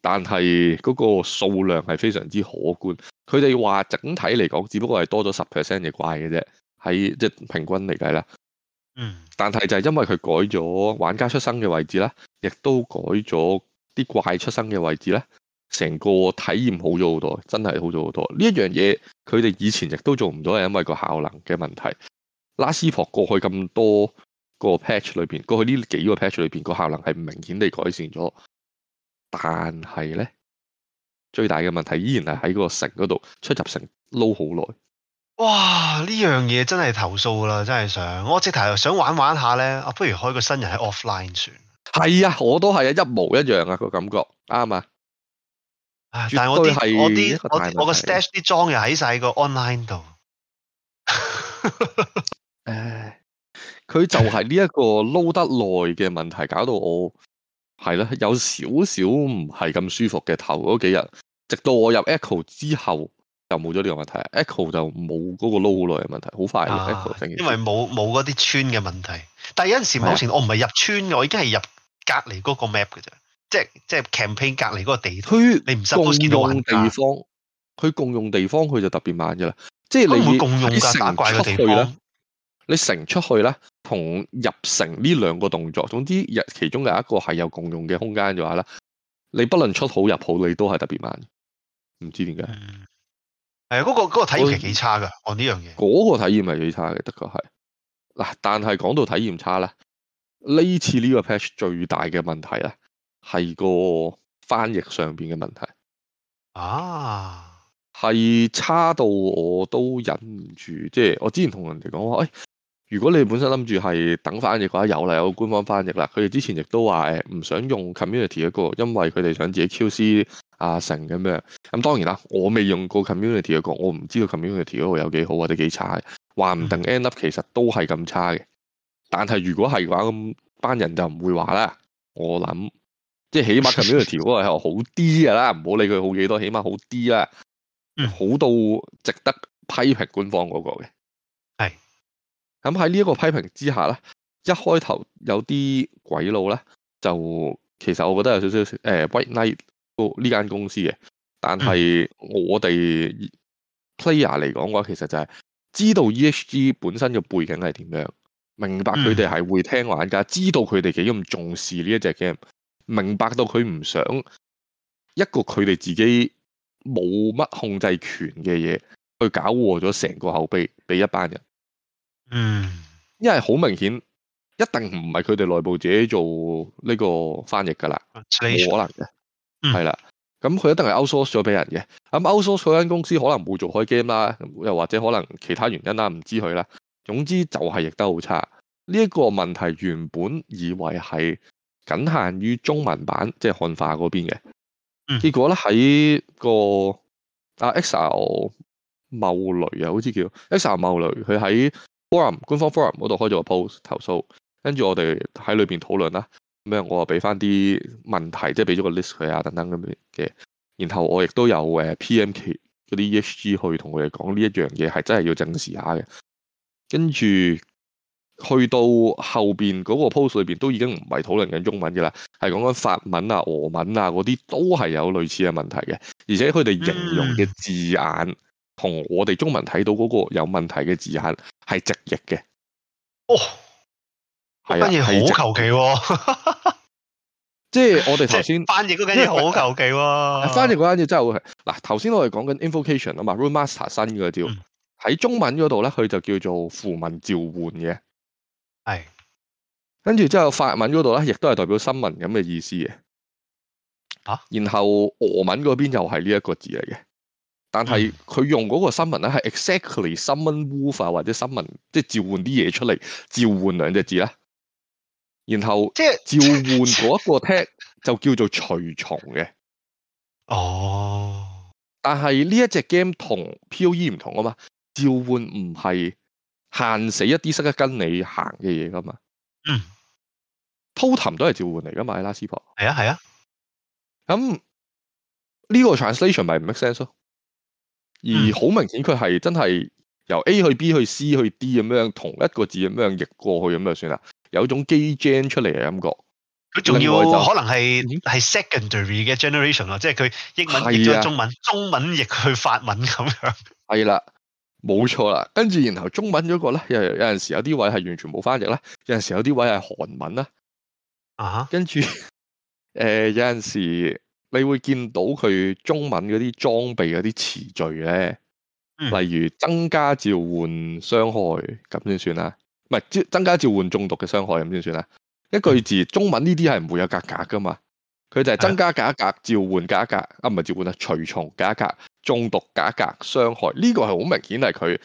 但係嗰個數量係非常之可觀。佢哋話整體嚟講，只不過係多咗十 percent 嘅怪嘅啫，喺即係平均嚟計啦。但係就係因為佢改咗玩家出生嘅位置啦，亦都改咗啲怪出生嘅位置咧，成個體驗好咗好多，真係好咗好多。呢一樣嘢佢哋以前亦都做唔到，係因為個效能嘅問題。Last Epoch 過去咁多個 patch 裏邊，過去呢幾個 patch 裏邊，個效能係明顯地改善咗。但係咧，最大嘅問題依然係喺個城嗰度出入城撈好耐。哇！呢樣嘢真係投訴啦，真係想我直頭想玩玩下咧，不如開個新人喺 offline 算。係啊，我都係啊，一模一樣啊，個感覺啱啊。對，但係我啲我啲我啲我個 stash 啲裝又喺晒個 online 度。誒 [laughs] ～佢就係呢一個撈得耐嘅問題，搞到我係啦，有少少唔係咁舒服嘅頭嗰幾日，直到我入 Echo 之後就冇咗呢個問題。Echo 就冇嗰個撈好耐嘅問題，好快入 Echo、啊、因為冇冇嗰啲村嘅問題，但係有陣時某程度，是的我唔係入村，我已經係入隔離嗰個 map 㗎啫，即係即係 campaign 隔離嗰個地圖。你唔使都用地方。佢共用地方，佢就特別慢㗎啦。即係你會共用怪嘅地區。你城出去咧，同入城呢兩個動作，總之其中有一個係有共用嘅空間嘅話咧，你不能出好入好，你都係特別慢的。唔知點解？係啊、嗯，嗰、欸嗰個嗰、嗰個體驗幾差㗎，按呢我樣嘢。嗰個體驗係幾差嘅，的確係嗱。但係講到體驗差咧，呢次呢個 patch 最大嘅問題咧，係個翻譯上邊嘅問題。啊，係差到我都忍唔住，即係我之前同人哋講話，誒、哎。如果你本身諗住係等翻譯嘅話，有啦，有官方翻譯啦。佢哋之前亦都話誒，唔想用 community 嗰個，因為佢哋想自己 QC 啊成咁樣。咁當然啦，我未用過 community 嗰個，我唔知道 community 嗰個有幾好或者幾差嘅。話唔定 end up 其實都係咁差嘅。但係如果係嘅話，咁班人就唔會話啦。我諗即係起碼 community 嗰個係好啲㗎啦，唔好理佢好幾多，起碼好啲啦，好到值得批評官方嗰個嘅。咁喺呢一個批評之下咧，一開頭有啲鬼佬咧，就其實我覺得有少少誒，White Knight 呢間公司嘅，但係、嗯、我哋 player 嚟講嘅話，其實就係知道 E H G 本身嘅背景係點樣，明白佢哋係會聽玩家，知道佢哋幾咁重視呢一隻 game，明白到佢唔想一個佢哋自己冇乜控制權嘅嘢，去搞和咗成個口碑俾一班人。嗯，因為好明顯，一定唔係佢哋內部自己做呢個翻譯噶啦，冇可能嘅，係啦、嗯。咁佢、嗯、一定係 outsource 咗俾人嘅。咁、嗯、outsource 嗰間公司可能冇做開 game 啦，又或者可能其他原因啦，唔知佢啦。總之就係譯得好差。呢、這、一個問題原本以為係僅限於中文版，即、就、係、是、漢化嗰邊嘅，結果咧喺、那個阿 Xiao 茂雷啊，好似叫 Xiao 茂雷，佢喺。Forum, 官方 forum 嗰度開咗個 post 投訴，跟住我哋喺裏邊討論啦。咁樣，我又俾翻啲問題，即係俾咗個 list 佢啊等等咁嘅。然後我亦都有誒 PMK 嗰啲 EHG 去同佢哋講呢一樣嘢係真係要證實下嘅。跟住去到後邊嗰個 post 裏邊都已經唔係討論緊中文嘅啦，係講緊法文啊、俄文啊嗰啲都係有類似嘅問題嘅，而且佢哋形容嘅字眼，同我哋中文睇到嗰個有問題嘅字眼係直譯嘅，哦，翻譯好求其喎，即係我哋頭先翻譯嗰嘢好求其喎，翻譯嗰間嘢真係嗱，頭先我哋講緊 Invocation 啊嘛，Rune Master 新嘅料喺中文嗰度咧，佢就叫做符文召喚嘅，係是跟住之後法文嗰度咧，亦都係代表新聞咁嘅意思嘅，啊，然後俄文嗰邊又係呢一個字嚟嘅。但係佢用嗰個新聞咧，係 exactly summon wolf 啊，或者新聞即係召喚啲嘢出嚟，召喚兩隻字啦、啊。然後即召喚嗰個 tag 就叫做隨從嘅。哦，但係呢一隻 game、e、同 P. O. E 唔同啊嘛，召喚唔係限死一啲識得跟你行嘅嘢噶嘛。嗯，totem、um、都係召喚嚟噶嘛，拉斯婆。係啊，係啊。咁呢、這個 translation 咪唔 make sense 咯？嗯、而好明顯，佢係真係由 A 去 B 去 C 去 D 咁樣，同一個字咁樣譯過去咁就算啦。有一種機 gen 出嚟嘅感覺，佢仲要外就可能係係 secondary 嘅 generation 啊，即係佢英文譯咗中文，的中文譯去法文咁樣。係啦，冇錯啦。跟住然後中文嗰個咧，有有陣時有啲位係完全冇翻譯啦，有陣時有啲位係韓文啦。啊？跟住誒，有陣時。你會見到佢中文嗰啲裝備嗰啲詞綴咧，例如增加召喚傷害咁先算啦，唔係招增加召喚中毒嘅傷害咁先算啦。一句字中文呢啲係唔會有格格噶嘛，佢就係增加格格，召喚格格，啊唔係召喚啦，隨從格格，中毒格格，傷害呢個係好明顯係佢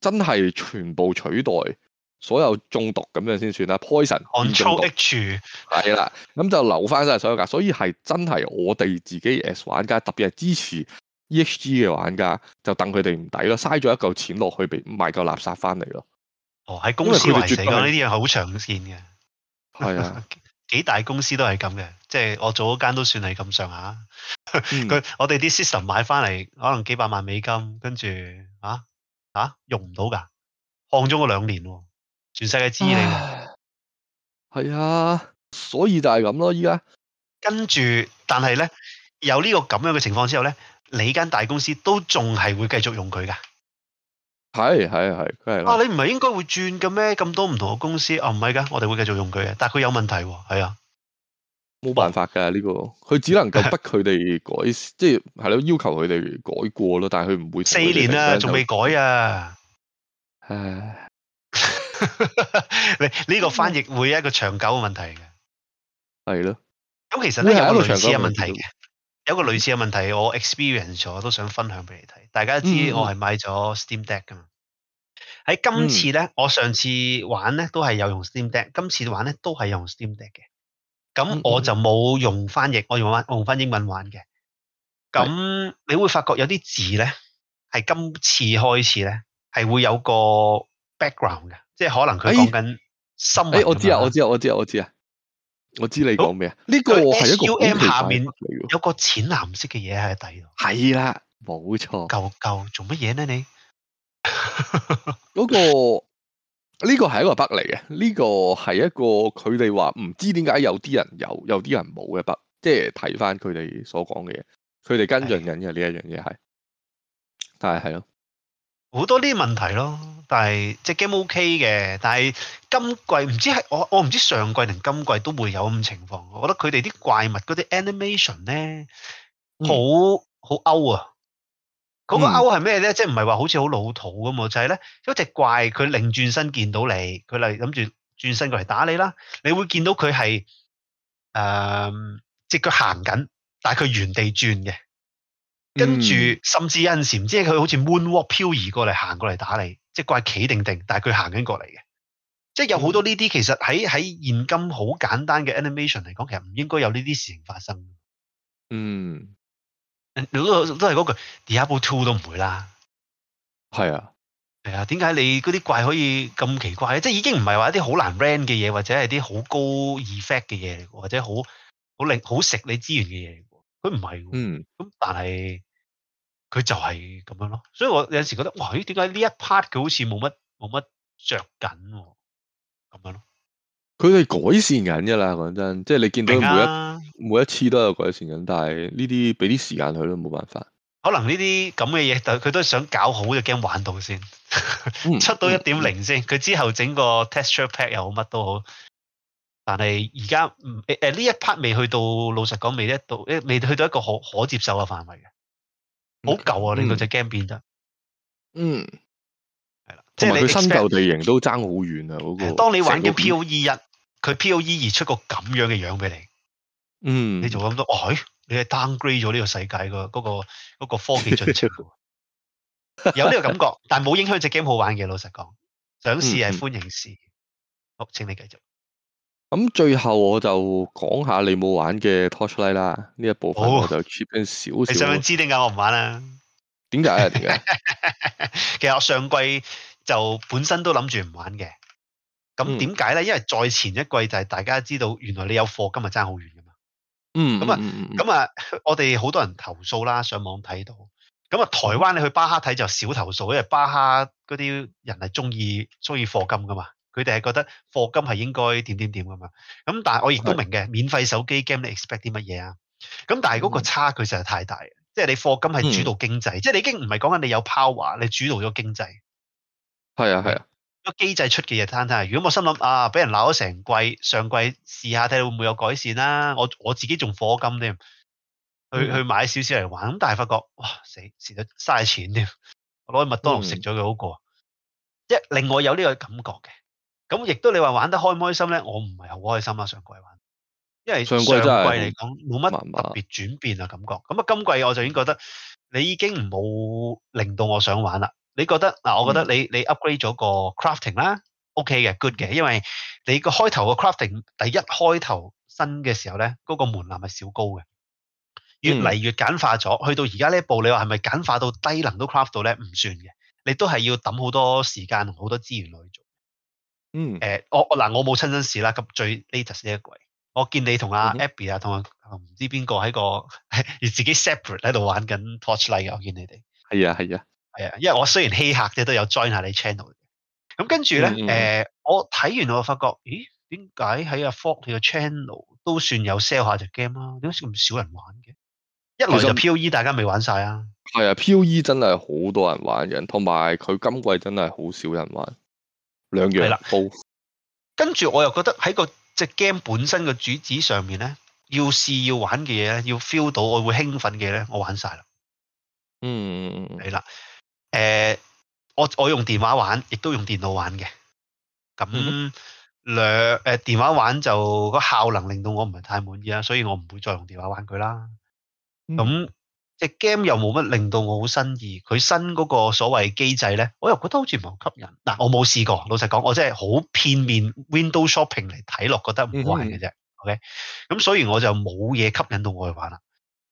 真係全部取代。所有中毒咁樣先算啦，poison 中 h 係 [laughs] 啦，咁就留翻晒所有架，所以係真係我哋自己 as 玩家特別係支持 E H G 嘅玩家，就戥佢哋唔抵咯，嘥咗一嚿錢落去，俾買嚿垃圾翻嚟咯。哦，喺公司嚟講呢啲嘢好長線嘅，係啊的，的 [laughs] 幾大公司都係咁嘅，即、就、係、是、我做嗰間都算係咁上下。佢、嗯、 [laughs] 我哋啲 system 買翻嚟可能幾百萬美金，跟住啊，啊，用唔到㗎，擴咗我兩年喎。全世界知你係啊，所以就係咁咯。依家跟住，但係咧有呢個咁樣嘅情況之後咧，你間大公司都仲係會繼續用佢嘅。係係係，佢係啊，你唔係應該會轉嘅咩？咁多唔同嘅公司，哦唔係噶，我哋會繼續用佢嘅，但係佢有問題，哦，係啊，冇辦法噶呢個，佢只能夠逼佢哋改， [laughs] 即係係咯，要求佢哋改過咯，但係佢唔會。四年啦，仲未改啊，唉。你呢 [laughs] 個翻譯會一個長久嘅問題嚟嘅，係咯的。咁其實咧有一個類似嘅問題嘅，個有個類似嘅問題，我 experience 咗，我都想分享俾你睇。大家都知道我係買咗 Steam Deck 噶嘛？喺今次咧，嗯、我上次玩咧都係有用 Steam Deck，今次玩咧都係用 Steam Deck 嘅。咁我就冇用翻譯，嗯嗯，我用玩用翻英文玩嘅。咁的你會發覺有啲字咧，係今次開始咧係會有個 background 嘅。即係可能佢講緊深，誒我知啊，我知啊，我知啊，我知啊，我知你講咩啊？呢個係一個 um 下面，有個淺藍色嘅嘢喺底度。係啦，冇錯。舊舊做乜嘢咧？呢你嗰、 [laughs] 那個呢、這個係一個筆嚟嘅，呢、這個係一個佢哋話唔知點解有啲人有，有啲人冇嘅筆。即係睇翻佢哋所講嘅嘢，佢哋跟進緊嘅呢一樣嘢係，但係係咯。好多呢啲問題咯，但係隻 game OK 嘅，但係今季唔知係我我唔知上季定今季都會有咁情況。我覺得佢哋啲怪物嗰啲 animation 咧，好好勾啊！嗰個勾係咩咧？即係唔係話好似好老土咁啊？就係咧，一隻怪佢擰轉身見到你，佢嚟諗住轉身過嚟打你啦，你會見到佢係誒隻腳行緊，但係佢原地轉嘅。跟住，甚至有陣時唔知係佢好似 moonwalk 漂移過嚟，行過嚟打你，即係怪企定定，但係佢行緊過嚟嘅。即係有好多呢啲，其實喺喺現今好簡單嘅 animation 嚟講，其實唔應該有呢啲事情發生。嗯，你都、那個、都係嗰句，Diablo Two 都唔會啦。係是啊，係啊。點解你嗰啲怪可以咁奇怪？即係已經唔係話一啲好難 run 嘅嘢，或者係啲好高 effect 嘅嘢，或者好好令好食你資源嘅嘢。佢唔係，嗯，咁但係佢就係咁樣咯。所以我有陣時覺得，哇咦，點解呢一 part 佢好似冇乜冇乜著緊喎、啊？咁樣咯，佢係改善緊㗎啦。講真，即係你見到每一、啊、每一次都有改善緊，但係呢啲俾啲時間佢都冇辦法。可能呢啲咁嘅嘢，佢都想搞好就驚玩到先，嗯、 [laughs] 出到一點零先，佢、嗯、之後整個 texture pack 又好乜都好。但係而家誒呢一 part 未去到，老實講未到，誒未去到一個可可接受嘅範圍嘅，好舊啊！令到隻 game 變咗，嗯，係啦，即係佢新舊地形都爭好遠啊！嗰、那個、當你玩嘅 P.O.E. 一，佢 P.O.E. 二出個咁樣嘅樣俾你，嗯，你就諗到哦，你係 downgrade 咗呢個世界、嗰個嗰個、嗰個科技進程。」 [laughs] 有呢個感覺，但係冇影響隻 game 好玩嘅。老實講，想試係歡迎試，嗯嗯、好，請你繼續。咁最後我就講下你冇玩嘅 Torchlight 啦，呢一部分我就 keep 翻少少。你想知點解我唔玩啊？點解啊？ [laughs] 其實我上季就本身都諗住唔玩嘅。咁點解咧？嗯、因為再前一季就係大家知道，原來你有課金咪爭好遠噶嘛。嗯。咁啊，咁啊，我哋好多人投訴啦，上網睇到。咁啊，台灣你去巴哈睇就少投訴，因為巴哈嗰啲人係中意中意課金噶嘛。佢哋係覺得課金係應該點點點咁嘛。咁但係我亦都明嘅，的免費手機 game 你 expect 啲乜嘢啊？咁但係嗰個差距實在太大、嗯、即係你課金係主導經濟，嗯、即係你已經唔係講緊你有 power，你主導咗經濟。係啊係啊，個機制出嘅嘢攤睇，如果我心諗啊，俾人鬧咗成季，上季試下睇會唔會有改善啦、啊？我我自己仲課金添，去去買少少嚟玩，咁但係發覺哇死，其實嘥錢添，我攞去麥當勞食咗佢好過、嗯、即係令我有呢個感覺嘅。咁亦都你話玩得開唔開心咧？我唔係好開心啊！上季玩，因為上季嚟講冇乜特別轉變啊，感覺。咁啊，今季我就已經覺得你已經唔冇令到我想玩啦。你覺得嗱？嗯、我覺得你你 upgrade 咗個 crafting 啦、嗯、OK 嘅，good 嘅，因為你個開頭個 crafting 第一開頭新嘅時候咧，嗰、那個門檻係少高嘅，越嚟越簡化咗。嗯、去到而家呢一步，你話係咪簡化到低能都 craft 到咧？唔算嘅，你都係要抌好多時間同好多資源去做。嗯，誒、呃，我我嗱，我冇親身試啦。咁最 latest 呢一季，我見你同阿 Abby 啊，同唔知邊個喺個自己 separate 喺度玩緊 Torchlight 嘅，我見你哋係啊係啊係啊，因為我雖然黑客你都有 join 下你 channel 嘅。咁跟住咧，誒、嗯呃，我睇完我就發覺，咦，點解喺阿 Fox 嘅 channel 都算有 sell 下隻 game 啊？點解咁少人玩嘅？一來就 Poe 大家未玩晒啊。係啊，Poe 真係好多人玩嘅，同埋佢今季真係好少人玩。兩樣啦，跟住我又覺得喺個隻、這個、game 本身嘅主旨上面咧，要試要玩嘅嘢咧，要 feel 到我會興奮嘅咧，我玩晒啦。嗯嗯嗯嗯，係啦。誒，我我用電話玩，亦都用電腦玩嘅。咁、嗯、兩誒、呃，電話玩就個效能令到我唔係太滿意啦，所以我唔會再用電話玩佢啦。咁、嗯。隻 game 又冇乜令到我好新意，佢新嗰個所謂機制咧，我又覺得好似唔好吸引。嗱，我冇試過，老實講，我真係好片面 window shopping 嚟睇落，覺得唔壞嘅啫。是 OK，咁所以我就冇嘢吸引到我去玩啦。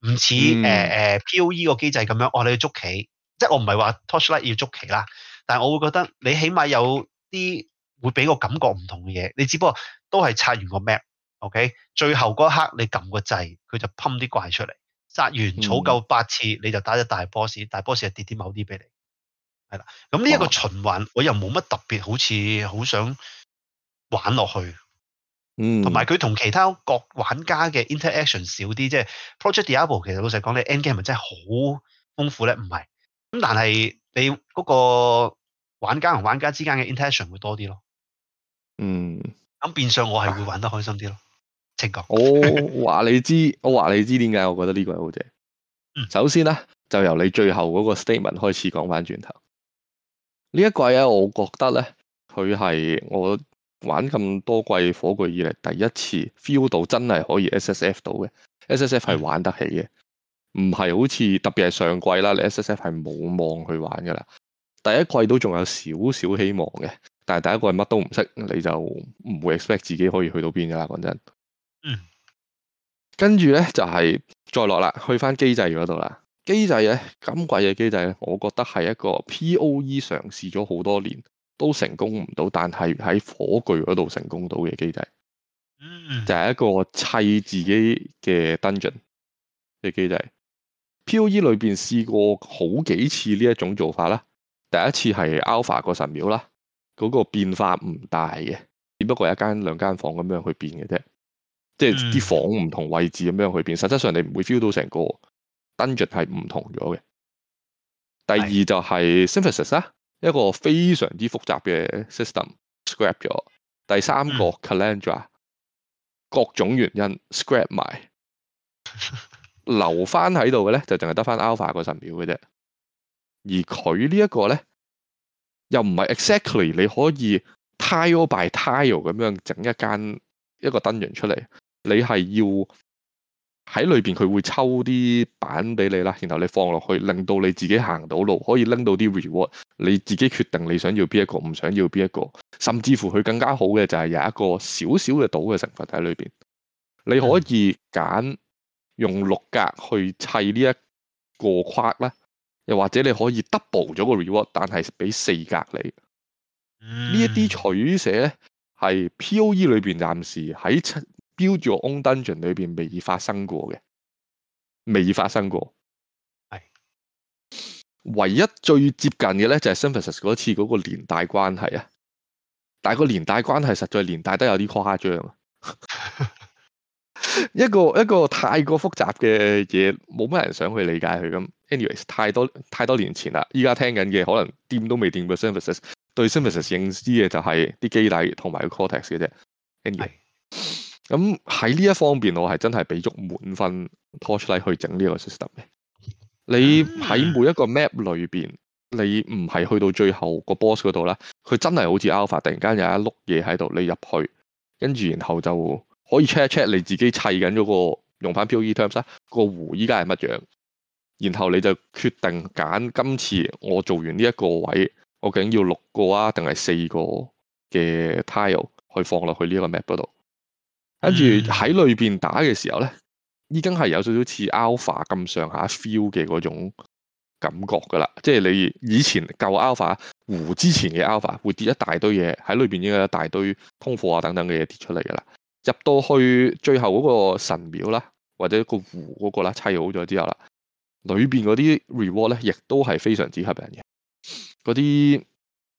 唔似誒 POE 個機制咁樣，我哋要捉棋，即係我唔係話 Torchlight 要捉棋啦，但係我會覺得你起碼有啲會俾個感覺唔同嘅嘢。你只不過都係刷完個 map，OK，okay? 最後嗰一刻你撳個掣，佢就噴啲怪出嚟。殺完草夠八次，你就打咗大 boss，大 boss 就跌啲某啲俾你，係啦。咁呢一個循環哇我又冇乜特別，好似好想玩落去。嗯，同埋佢同其他各玩家嘅 interaction 少啲，即係 project Diablo。其實老實講，你 end game 係咪真係好豐富咧？唔係。咁但係你嗰個玩家同玩家之間嘅 interaction 會多啲咯。嗯。咁變相我係會玩得開心啲咯。正 [laughs] 我話你知，我話你知點解我覺得呢個好正。嗯、首先啦，就由你最後嗰個 statement 開始講翻轉頭。呢一季咧、啊，我覺得咧，佢係我玩咁多季火炬以嚟第一次 feel 到真係可以 S S F 到嘅，S S F 係玩得起嘅，唔係的好似特別係上季啦。你 S S F 係冇望去玩噶啦。第一季都仲有少少希望嘅，但係第一季乜都唔識，你就唔會 expect 自己可以去到邊噶啦。講真。嗯，跟住呢，就係、是、再落啦，去翻機制嗰度啦。機制呢，今季嘅機制呢，我覺得係一個 P.O.E 嘗試咗好多年都成功唔到，但係喺火炬嗰度成功到嘅機制，嗯，就係一個砌自己嘅 dungeon 嘅機制。P.O.E 裏邊試過好幾次呢一種做法啦，第一次係 Alpha 個神廟啦，嗰個變化唔大嘅，只不過一間兩間房咁樣去變嘅啫。即係啲房唔同位置咁樣去變，嗯、實際上你唔會 feel 到成個 dungeon 係唔同咗嘅。第二就係 Synthesis 是啦，一個非常之複雜嘅 system，scrap 咗。第三個 Kalandra、嗯、各種原因 scrap 埋，留翻喺度嘅咧，就淨係得翻 alpha 個神廟嘅啫。而佢呢一個咧，又唔係 exactly 你可以 tile by tile 咁樣整一間一個 dungeon 出嚟。你係要喺裏邊佢會抽啲板俾你啦，然後你放落去，令到你自己行到路，可以拎到啲 reward。你自己決定你想要邊一個，唔想要邊一個，甚至乎佢更加好嘅就係有一個少少嘅賭嘅成分喺裏邊。你可以揀用六格去砌呢一個框啦，又或者你可以 double 咗個 reward，但係俾四格你。呢一啲取捨咧，係 POE 裏邊暫時喺七。標住 own dungeon 裏邊未發生過嘅，未發生過，唯一最接近嘅咧，就係 synthesis 嗰次嗰個連帶關係啊！但係個連帶關係實在連帶得有啲誇張，一個一個太過複雜嘅嘢，冇乜人想去理解佢咁。anyways，太多太多年前啦，依家聽緊嘅可能掂都未掂過 synthesis，對 synthesis 認知嘅就係啲機理同埋個 cortex 嘅啫。anyway。咁喺呢一方面，我係真係俾足滿分 Torchlight 去整呢個 system 嘅。你喺每一個 map 裏面，你唔係去到最後個 boss 嗰度啦，佢真係好似 alpha 突然間有一碌嘢喺度，你入去跟住，然後就可以 check check 你自己砌緊嗰個用翻 P.O.E terms 啦。個湖依家係乜樣？然後你就決定揀今次我做完呢一個位，我究竟要六個啊，定係四個嘅 tile 去放落去呢個 map 嗰度。跟住喺裏邊打嘅時候咧，已經係有少少似 Alpha 咁上下 feel 嘅嗰種感覺噶啦，即係你以前舊 Alpha 湖之前嘅 Alpha 會跌一大堆嘢喺裏邊，應該有一大堆通貨啊等等嘅嘢跌出嚟噶啦。入到去最後嗰個神廟啦，或者個湖嗰個啦，砌好咗之後啦，裏邊嗰啲 reward 咧，亦都係非常之吸引嘅。嗰啲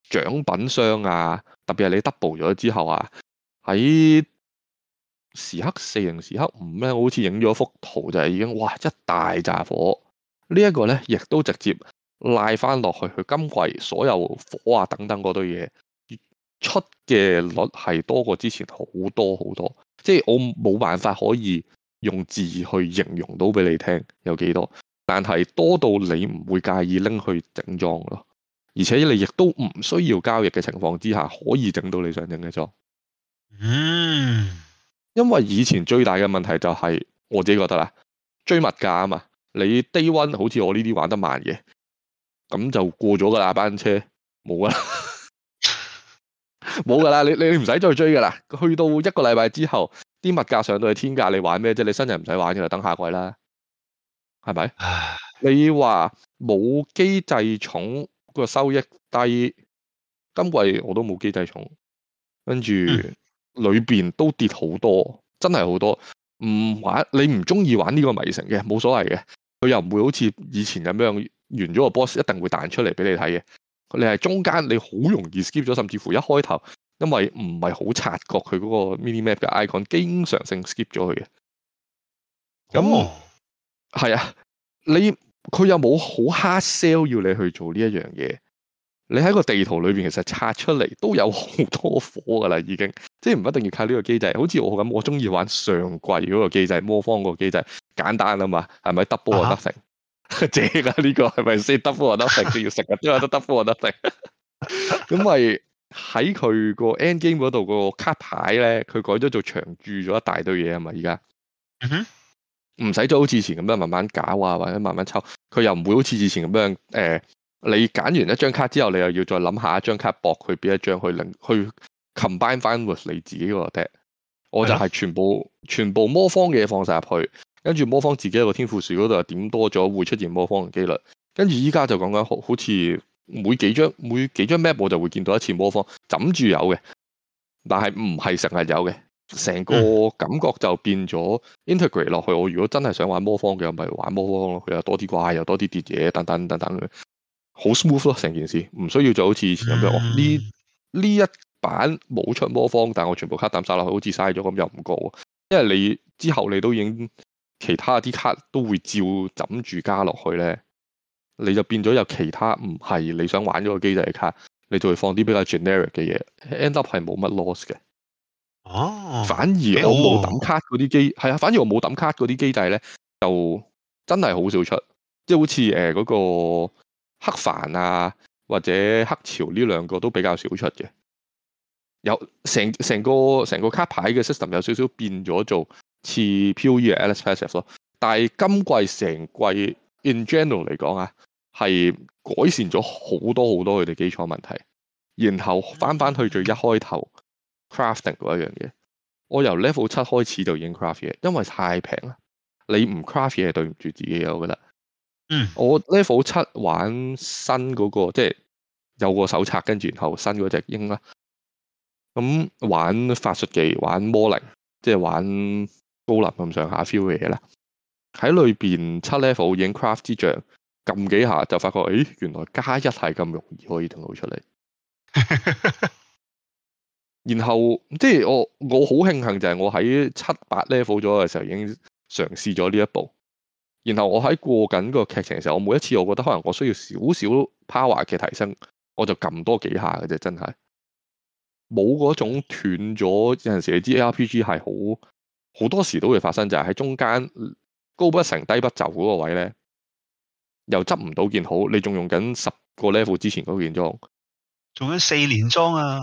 獎品箱啊，特別係你 double 咗之後啊，喺時刻四零時刻五咧，我好似影咗幅圖就係已經，哇一大紮火！這個、呢一個咧，亦都直接拉翻落去佢今季所有火啊等等嗰堆嘢出嘅率係多過之前好多好多，即係我冇辦法可以用字去形容到俾你聽有幾多，但係多到你唔會介意拎去整裝咯，而且你亦都唔需要交易嘅情況之下，可以整到你想整嘅裝。嗯。Mm. 因為以前最大嘅問題就係、是、我自己覺得啦，追物價啊嘛，你低 a 好似我呢啲玩得慢嘅，咁就過咗個大班車，冇啦，冇噶啦，你你唔使再追噶啦，去到一個禮拜之後，啲物價上到去天價，你玩咩啫？你新嘅唔使玩嘅，就等下季啦，係咪？你話冇機制重個收益低，今季我都冇機制重，跟住。裏邊都跌好多，真係好多。唔玩，你唔中意玩呢個迷城嘅，冇所謂嘅。佢又唔會好似以前咁樣完咗個 boss，一定會彈出嚟俾你睇嘅。間你係中間你好容易 skip 咗，甚至乎一開頭，因為唔係好察覺佢嗰個 mini map 嘅 icon，經常性 skip 咗佢嘅。咁，係、哦、啊，你佢又冇好 hard sell 要你去做呢一樣嘢。你喺個地圖裏邊，其實拆出嚟都有好多火噶啦，已經，即係唔一定要靠呢個機制。好似我咁，我中意玩上季嗰個機制，魔方嗰個機制簡單啊嘛，係咪 double or nothing，正啦？呢個係咪先？double or nothing，都要食呀，因為都 double or nothing。咁咪，喺佢個 end game 嗰度個卡牌咧，佢改咗做長駐咗一大堆嘢啊嘛，而家唔使再好似前咁樣慢慢搞啊，或者慢慢抽，佢又唔會好似以前咁樣誒。你揀完一張卡之後，你又要再諗下一張卡搏去邊一張去，去，去 combine 翻 with 你自己個 deck 我就係全部 Yeah. 全部魔方嘅嘢放晒入去，跟住魔方自己一個天賦樹嗰度點多咗會出現魔方嘅機率。跟住依家就講緊好似每幾張每幾張 map 我就會見到一次魔方，枕住有嘅，但係唔係成日有嘅。成個感覺就變咗 integrate 落去。我如果真係想玩魔方嘅，我咪玩魔方咯。佢又多啲怪，又多啲跌嘢，等等等等。好 smooth 咯，成件事唔需要就好似以前咁樣。我呢呢一版冇出魔方，但係我全部卡抌晒落去，好似嘥咗咁又唔過喎。因為你之後你都已經其他啲卡都會照抌住加落去咧，你就變咗有其他唔係你想玩嗰個機制嘅卡，你就會放啲比較 generic 嘅嘢。End up 係冇乜 loss 嘅。哦、啊，反而我冇抌卡嗰啲機係啊，反而我冇抌卡嗰啲機制咧，就真係好少出，即係好似誒嗰個。黑帆啊，或者黑潮呢兩個都比較少出嘅，有成成個成個卡牌嘅 system 有少少變咗，做似 POE 嘅 Atlas passive 咯。但係今季成季 in general 嚟講啊，係改善咗好多好多佢哋基礎問題。然後翻翻去最一開頭 crafting 嗰一樣嘢，我由 level 七開始就已經 craft 嘢，因為太平啦，你唔 craft 嘢係對唔住自己嘅，我覺得。嗯，我 level 七玩新嗰、那個，即係有個手冊，跟住然後新嗰隻鷹啦，咁玩法術技，玩魔靈，即係玩高能咁上下 feel 嘅嘢啦。喺裏邊七 level 已經 craft 之象，撳幾下就發覺，誒、哎，原來加一係咁容易，可以同到出嚟。 [laughs] 然後即係我我好慶幸就係我喺七八 level 咗嘅時候已經嘗試咗呢一步。然後我喺過緊個劇情嘅時候，我每一次我覺得可能我需要少少 power 嘅提升，我就撳多幾下嘅啫，真係冇嗰種斷咗有陣時，你知 ARPG 係好好多時都會發生就係喺中間高不成低不就嗰個位咧，又執唔到件好，你仲用緊十個 level 之前嗰件裝，仲要四年裝啊，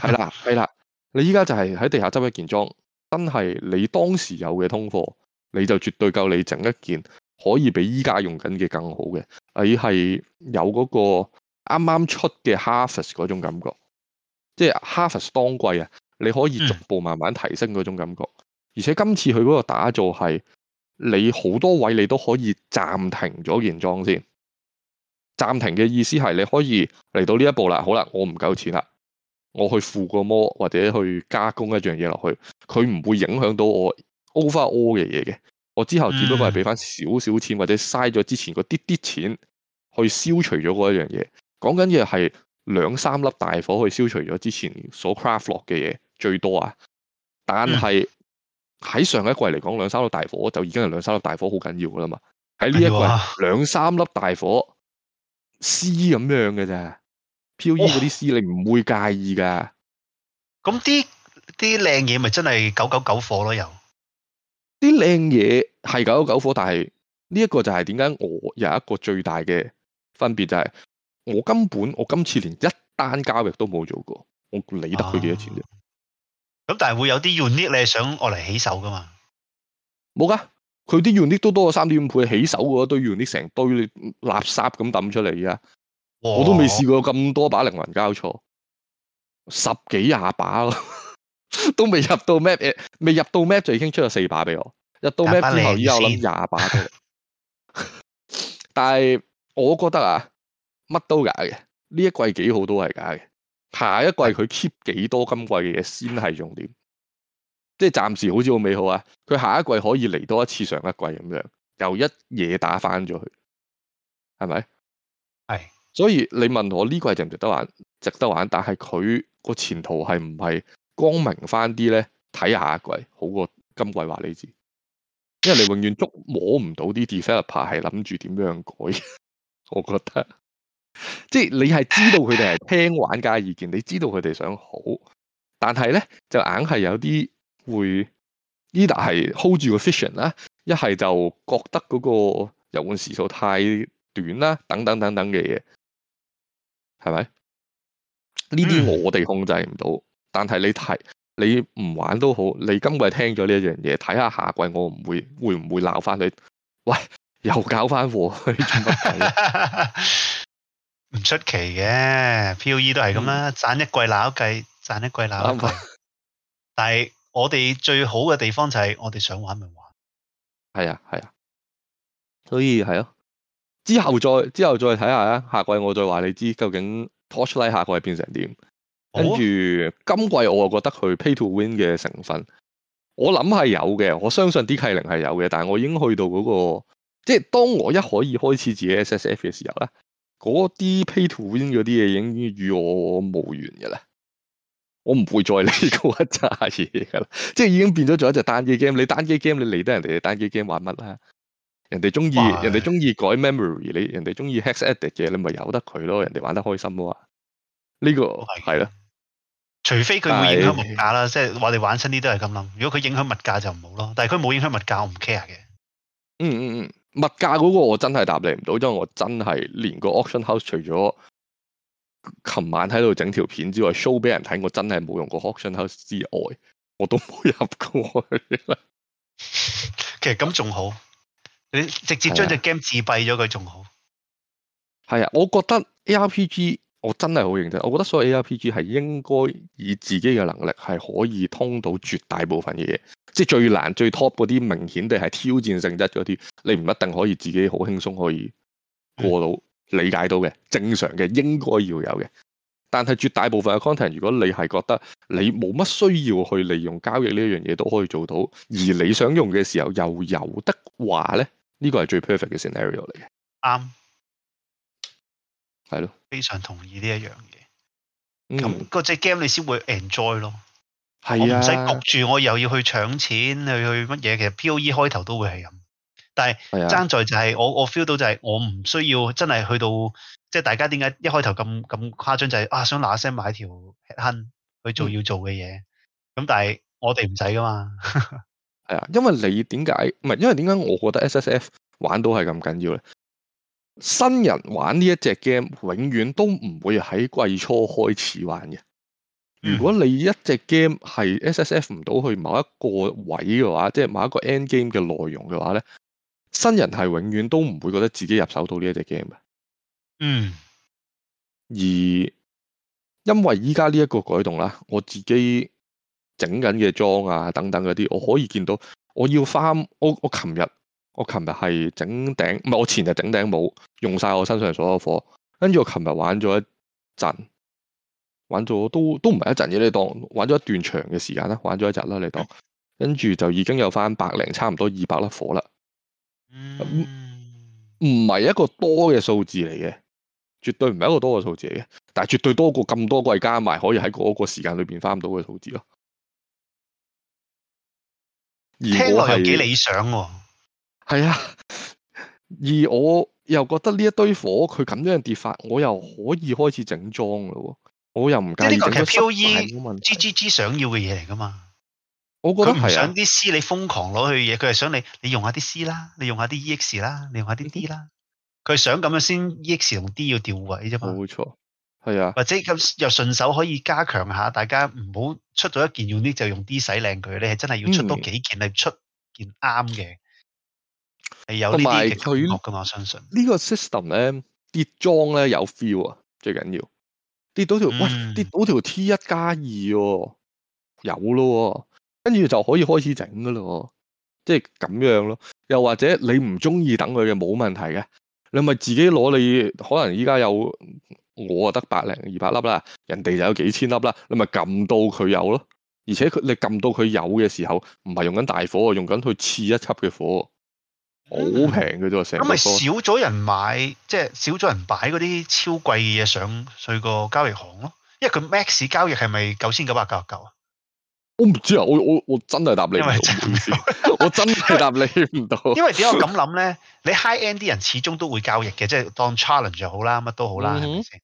係啦係啦，你依家就係喺地下執一件裝，真係你當時有嘅通貨。你就絕對夠你整一件可以比依家用緊嘅更好嘅，你係有嗰個啱啱出嘅 harvest 嗰種感覺，即係 harvest 當季啊，你可以逐步慢慢提升嗰種感覺，而且今次佢嗰個打造係，你好多位你都可以暫停咗件裝先，暫停嘅意思係你可以嚟到呢一步啦，好啦，我唔夠錢啦，我去附個魔，或者去加工一樣嘢落去，佢唔會影響到我。over all 嘅嘢嘅，我之後只不過係俾翻少少錢，嗯、或者嘥咗之前嗰啲啲錢去消除咗嗰一樣嘢。講緊嘢係兩三粒大火去消除咗之前所 craft 落嘅嘢最多啊。但係喺上一個季嚟講，兩三粒大火就已經係兩三粒大火好緊要噶啦嘛。喺呢一個季、哎、呀兩三粒大火 c 咁樣嘅啫。P.O.E 嗰啲 C 你唔會介意㗎。咁啲啲靚嘢咪真係九九九火咯又？啲靚嘢係九九九火，但係呢一個就係點解我有一個最大嘅分別就係、是、我根本我今次連一單交易都冇做過，我理得佢幾多錢啫。咁、啊、但係會有啲 unique 你係想我嚟起手噶嘛？冇噶，佢啲 unique 都多過三點五倍，起手嗰堆 unique 成堆垃圾咁抌出嚟啊！哦、我都未試過咁多把靈魂交錯，十幾廿把咯。都未入到 map，未入到 map，就已經出咗四把俾我。入到 map 之後以後諗廿把都。 [laughs] 但係我覺得啊，乜都假嘅，呢一季幾好都係假嘅。下一季佢 keep 幾多今季嘅嘢先係重點。即係暫時好似好美好啊，佢下一季可以嚟多一次上一季咁樣，又一嘢打翻咗佢，係咪？係是。所以你問我呢季值唔值得玩？值得玩，但係佢個前途係唔係？光明翻啲咧，睇下一季好過今季話你知，因為你永遠捉摸唔到啲 developer 係諗住點樣改，我覺得即係、就是、你係知道佢哋係聽玩家意見，你知道佢哋想好，但係咧就硬係有啲會，一係 hold 住個 vision 啦，一係就覺得嗰個遊玩時數太短啦，等等等等嘅嘢，係咪？呢啲我哋控制唔到。嗯但係你睇你唔玩都好，你今季聽咗呢一樣嘢，睇下下季我唔會會唔會鬧翻你？喂，又搞翻貨，唔 [laughs] 出奇嘅 POE 都係咁啦，賺、嗯、一季鬧計，賺一季鬧一季。 [laughs] 但係我哋最好嘅地方就係我哋想玩咪玩。係啊係啊，所以係咯、啊，之後再之後再睇下啊，下季我再話你知究竟 Torchlight 下季係變成點。跟住、哦、今季我又覺得佢 pay to win 嘅成分，我諗係有嘅，我相信 D K 零係有嘅，但係我已經去到嗰、嗰個，即係當我一可以開始自己 S S F 嘅時候咧，嗰啲 pay to win 嗰啲嘢已經與我無緣嘅啦，我唔會再理嗰一揸嘢噶啦，即係已經變咗做一隻單機 game。你單機 game 你嚟得人哋嘅單機 game 玩乜啦？人哋中意人哋中意改 memory，你人哋中意 hex edit 嘅，你咪由得佢咯，人哋玩得開心啊，呢個係咯。這個的除非佢會影響物價啦，是即係我哋玩新啲都係咁諗。如果佢影響物價就唔好咯，但係佢冇影響物價，我唔 care 嘅。嗯嗯嗯，物價嗰個我真係答你唔到，因為我真係連個 Auction House 除咗琴晚喺度整條片之外 show 俾人睇，我真係冇用過 Auction House 之外，我都冇入過。 [laughs] 其實咁仲好，你直接將隻 game 自閉咗佢仲好。係啊，啊，我覺得 ARPG。我真係好認真，我覺得所有 A R P G 係應該以自己嘅能力係可以通到絕大部分嘅嘢，即係最難、最 top 嗰啲明顯地係挑戰性質嗰啲，你唔一定可以自己好輕鬆可以過到、嗯、理解到嘅。正常嘅應該要有嘅，但係絕大部分嘅 content，如果你係覺得你冇乜需要去利用交易呢樣嘢都可以做到，而你想用嘅時候又有得話咧，呢個係最 perfect 嘅 scenario 嚟嘅。啱、嗯。係咯，是非常同意呢一樣嘢。咁嗰隻 game 你先會 enjoy 咯，是的 我唔使焗住，我又要去搶錢去去乜嘢。其實 P.O.E 開頭都會係咁，但係爭是的 在就係、是、我我 feel 到就係我唔需要真係去到，即、就、係、是、大家點解一開頭咁咁誇張就係、是、啊想嗱嗱聲買一條 Headhunter 去做要做嘅嘢。咁、嗯、但係我哋唔使噶嘛。係啊，因為你點解唔係因為點解我覺得 S.S.F 玩到係咁緊要咧？新人玩呢一隻 game，永遠都唔會喺季初開始玩嘅。如果你一隻 game 係 SSF 唔到去某一個位嘅話，即係某一個 end game 嘅內容嘅話咧，新人係永遠都唔會覺得自己入手到呢一隻 game 嘅。嗯。而因為依家呢一個改動啦，我自己整緊嘅裝啊等等嗰啲，我可以見到我要翻我我琴日。我琴日係整頂，唔係我前日整頂帽，用晒我身上所有火，跟住我琴日玩咗一陣，玩咗都都唔係一陣啫，你當玩咗一段長嘅時間啦，玩咗一陣啦，你當，跟住就已經有翻百零，差唔多二百粒火啦，唔唔係一個多嘅數字嚟嘅，絕對唔係一個多嘅數字嚟嘅，但係絕對多過咁多個加埋可以喺嗰個時間裏邊翻唔到嘅數字咯，聽落又幾理想喎，啊。係啊，而我又覺得呢一堆火佢咁樣跌法，我又可以開始整裝咯。我又唔介意。呢個其實 POE GGG 想要嘅嘢嚟噶嘛？我覺得係。佢唔想啲 C 你瘋狂攞去嘢，佢係想你你用下啲 C 啦，你用下啲 EX 啦，你用下啲 D 啦。佢、嗯、想咁樣先 EX 同 D 要調位啫嘛。冇錯，係啊。或者咁又順手可以加強下，大家唔好出咗一件 unique 就用 D 洗靚佢，你係真係要出多幾件嚟，、嗯、出件啱嘅。係有，同埋佢咁啊！我相信呢個 system 咧、啊嗯、跌莊咧有 feel 啊，最緊要跌到條喂跌到條 T 一加二哦，有咯，跟住就可以開始整噶啦，即係咁樣咯。又或者你唔中意等佢嘅冇問題嘅，你咪自己攞你可能依家有我啊得百零二百粒啦，人哋就有幾千粒啦，你咪撳到佢有咯。而且佢你撳到佢有嘅時候，唔係用緊大火，用緊去刺一輯嘅火。好平嘅啫，咁咪少咗人買，即係少咗人擺嗰啲超貴嘅嘢上佢個交易行咯。因為佢 max 交易係咪九千九百九十九啊？我唔知啊，我我我真係答你唔到，我真係答你唔到。因為點解咁諗咧，你 high end 啲人始終都會交易嘅，即係當 challenge 又好啦，乜都好啦，係咪先？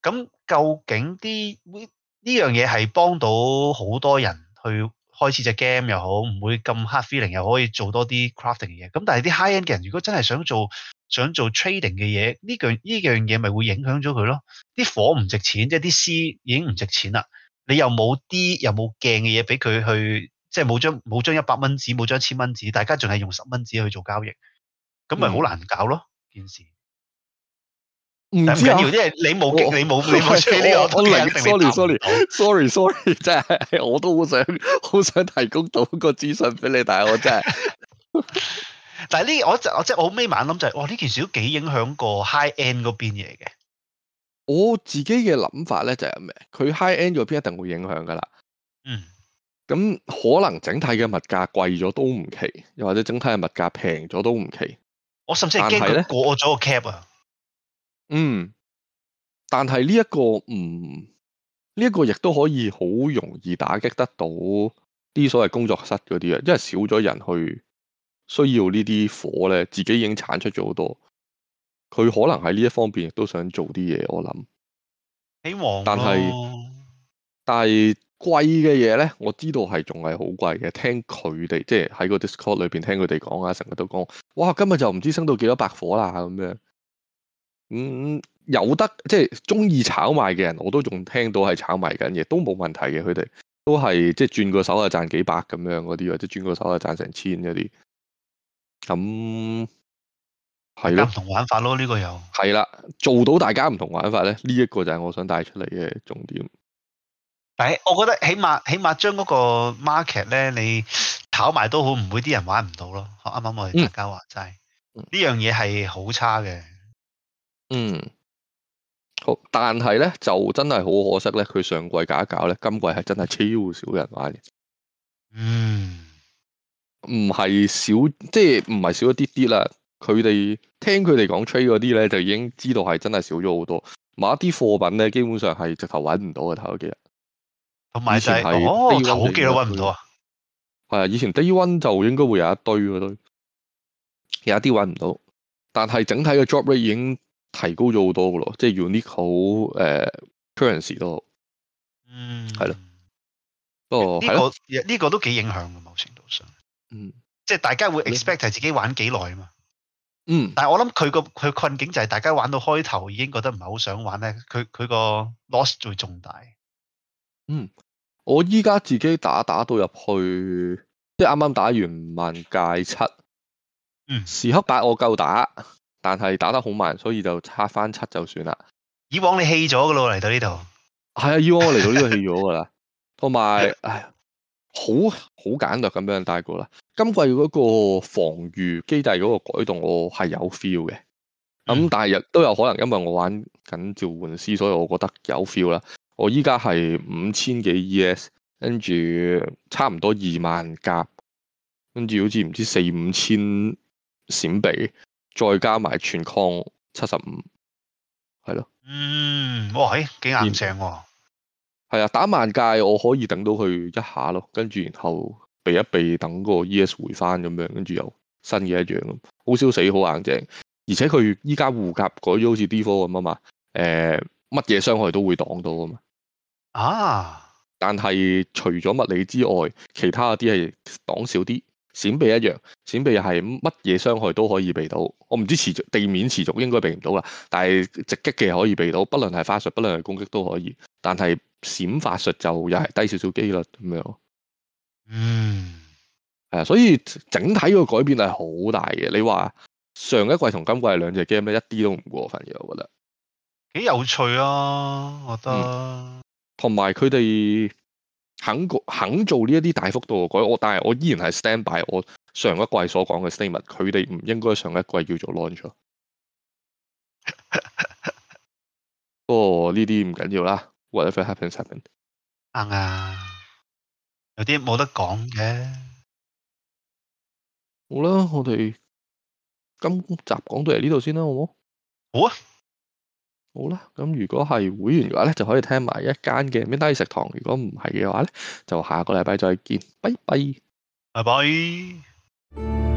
咁、嗯、哼究竟啲呢樣嘢係幫到好多人去？開始隻 game 又好，唔會咁 hard feeling，又可以做多啲 crafting 嘅嘢。咁但係啲 high end 嘅人，如果真係想做想做 trading 嘅嘢，呢樣呢樣嘢咪會影響咗佢咯。啲火唔值錢，即係啲 C 已經唔值錢啦。你又冇 D 又冇鏡嘅嘢俾佢去，即係冇張冇張一百蚊紙，冇張千蚊紙，大家仲係用十蚊紙去做交易，咁咪好難搞咯、嗯、件事。唔知啊，因為你冇，你冇，你冇出呢個，sorry，sorry，sorry，sorry，真係我都好想，好想提供到個資訊俾你，但係我真係。但係呢，我就我即係我尾晚諗就係，哇，呢件事都幾影響過 high end 嗰邊嘢嘅。我自己嘅諗法咧就係咩？佢 high end 嗰邊一定會影響噶啦。嗯。咁可能整體嘅物價貴咗都唔奇，又或者整體嘅物價平咗都唔奇。我甚至係驚佢過咗個 cap 啊。嗯，但係呢一個唔呢一個亦都可以好容易打擊得到啲所謂工作室嗰啲啊，因為少咗人去需要這些呢啲火咧，自己已經產出咗好多，佢可能喺呢一方面亦都想做啲嘢，我諗。但係但係貴嘅嘢咧，我知道係仲係好貴嘅，聽佢哋即係喺個 Discord 裏邊聽佢哋講啊，成日都講哇，今日就唔知升到幾多百火啦咁樣。嗯，有得即係中意炒賣嘅人，我都仲聽到係炒賣緊嘅，都冇問題嘅。佢哋都係即係轉個手啊，賺幾百咁樣嗰啲，或者轉個手啊，賺成千嗰啲。咁係咯，唔同玩法咯，呢個又係啦，做到大家唔同玩法咧，呢一個就係我想帶出嚟嘅重點。但我覺得起碼起碼將嗰個 market 咧，你炒埋都好，唔會啲人玩唔到咯。啱啱我哋大家話齋呢樣嘢係好差嘅。嗯，好，但係咧就真係好可惜咧，佢上季假搞咧，今季係真係超少人玩嘅。嗯，唔係少，即係唔係少一啲啲啦。佢哋聽佢哋講 trade 嗰啲咧，就已經知道係真係少咗好多。買一啲貨品咧，基本上係直頭搵唔到嘅。頭幾日，以前係 day one 都搵唔到啊。係啊，以前 day one 就應該會有一堆堆，有一啲搵唔到，但係整體嘅 drop rate 已經。提高咗好多噶咯，即係 unique 好誒 currency 都多，呃、好嗯，係咯的，不過呢個呢個都幾影響嘅某程度上，嗯，即係大家會 expect 係你自己玩幾耐啊嘛，嗯，但係我諗佢個佢困境就係大家玩到開頭已經覺得唔係好想玩咧，佢佢個 loss 最重大，嗯，我依家自己打打到入去，即係啱啱打完萬界七，嗯，時刻打我夠打。但係打得好慢，所以就差翻七就算啦。以往你棄咗噶啦，嚟到呢度。係啊，以往我嚟到呢度棄咗噶啦。同埋，唉，好好簡略咁樣帶過啦。今季嗰個防禦機制嗰個改動，我係有 feel 嘅。咁但係亦都有可能，因為我玩緊召喚師，所以我覺得有 feel 啦。我依家係五千幾 ES，跟住差唔多二萬甲，跟住好似唔知四五千閃避。再加埋全抗七十五，係咯。嗯，哇、哦，嘿，幾硬正喎。係啊，打萬界我可以頂到佢一下咯。跟住然後避一避，等個 E.S. 回翻咁樣，跟住又新嘢一樣好少死，好硬正。而且佢依家護甲改咗好似 D4 咁啊嘛。誒、呃，乜嘢傷害都會擋到啊嘛。啊！但係除咗物理之外，其他啲係擋少啲。閃避一樣，閃避係乜嘢傷害都可以避到。我唔知持續地面持續應該避唔到啦，但係直擊嘅可以避到，不論係法術，不論係攻擊都可以。但係閃法術就又係低少少機率，咁樣。嗯，係啊，所以整體個改變係好大嘅。你話上一季同今季兩隻 game 咧，一啲都唔過分嘅，我覺得。幾有趣啊！我覺得啊。同埋佢哋。肯肯做呢一啲大幅度嘅改，我但係我依然係 stand by 我上一季所講嘅 statement，佢哋唔應該上一季叫做 launch。不過呢啲唔緊要啦，whatever happens happen。啱啊，有啲冇得講嘅。好啦，我哋今集講到嚟呢度先啦，好唔好？好啊。好啦，咁如果係會員嘅話咧，就可以聽埋一間嘅 Midnight 食堂。如果唔係嘅話咧，就下個禮拜再見，拜拜，拜拜。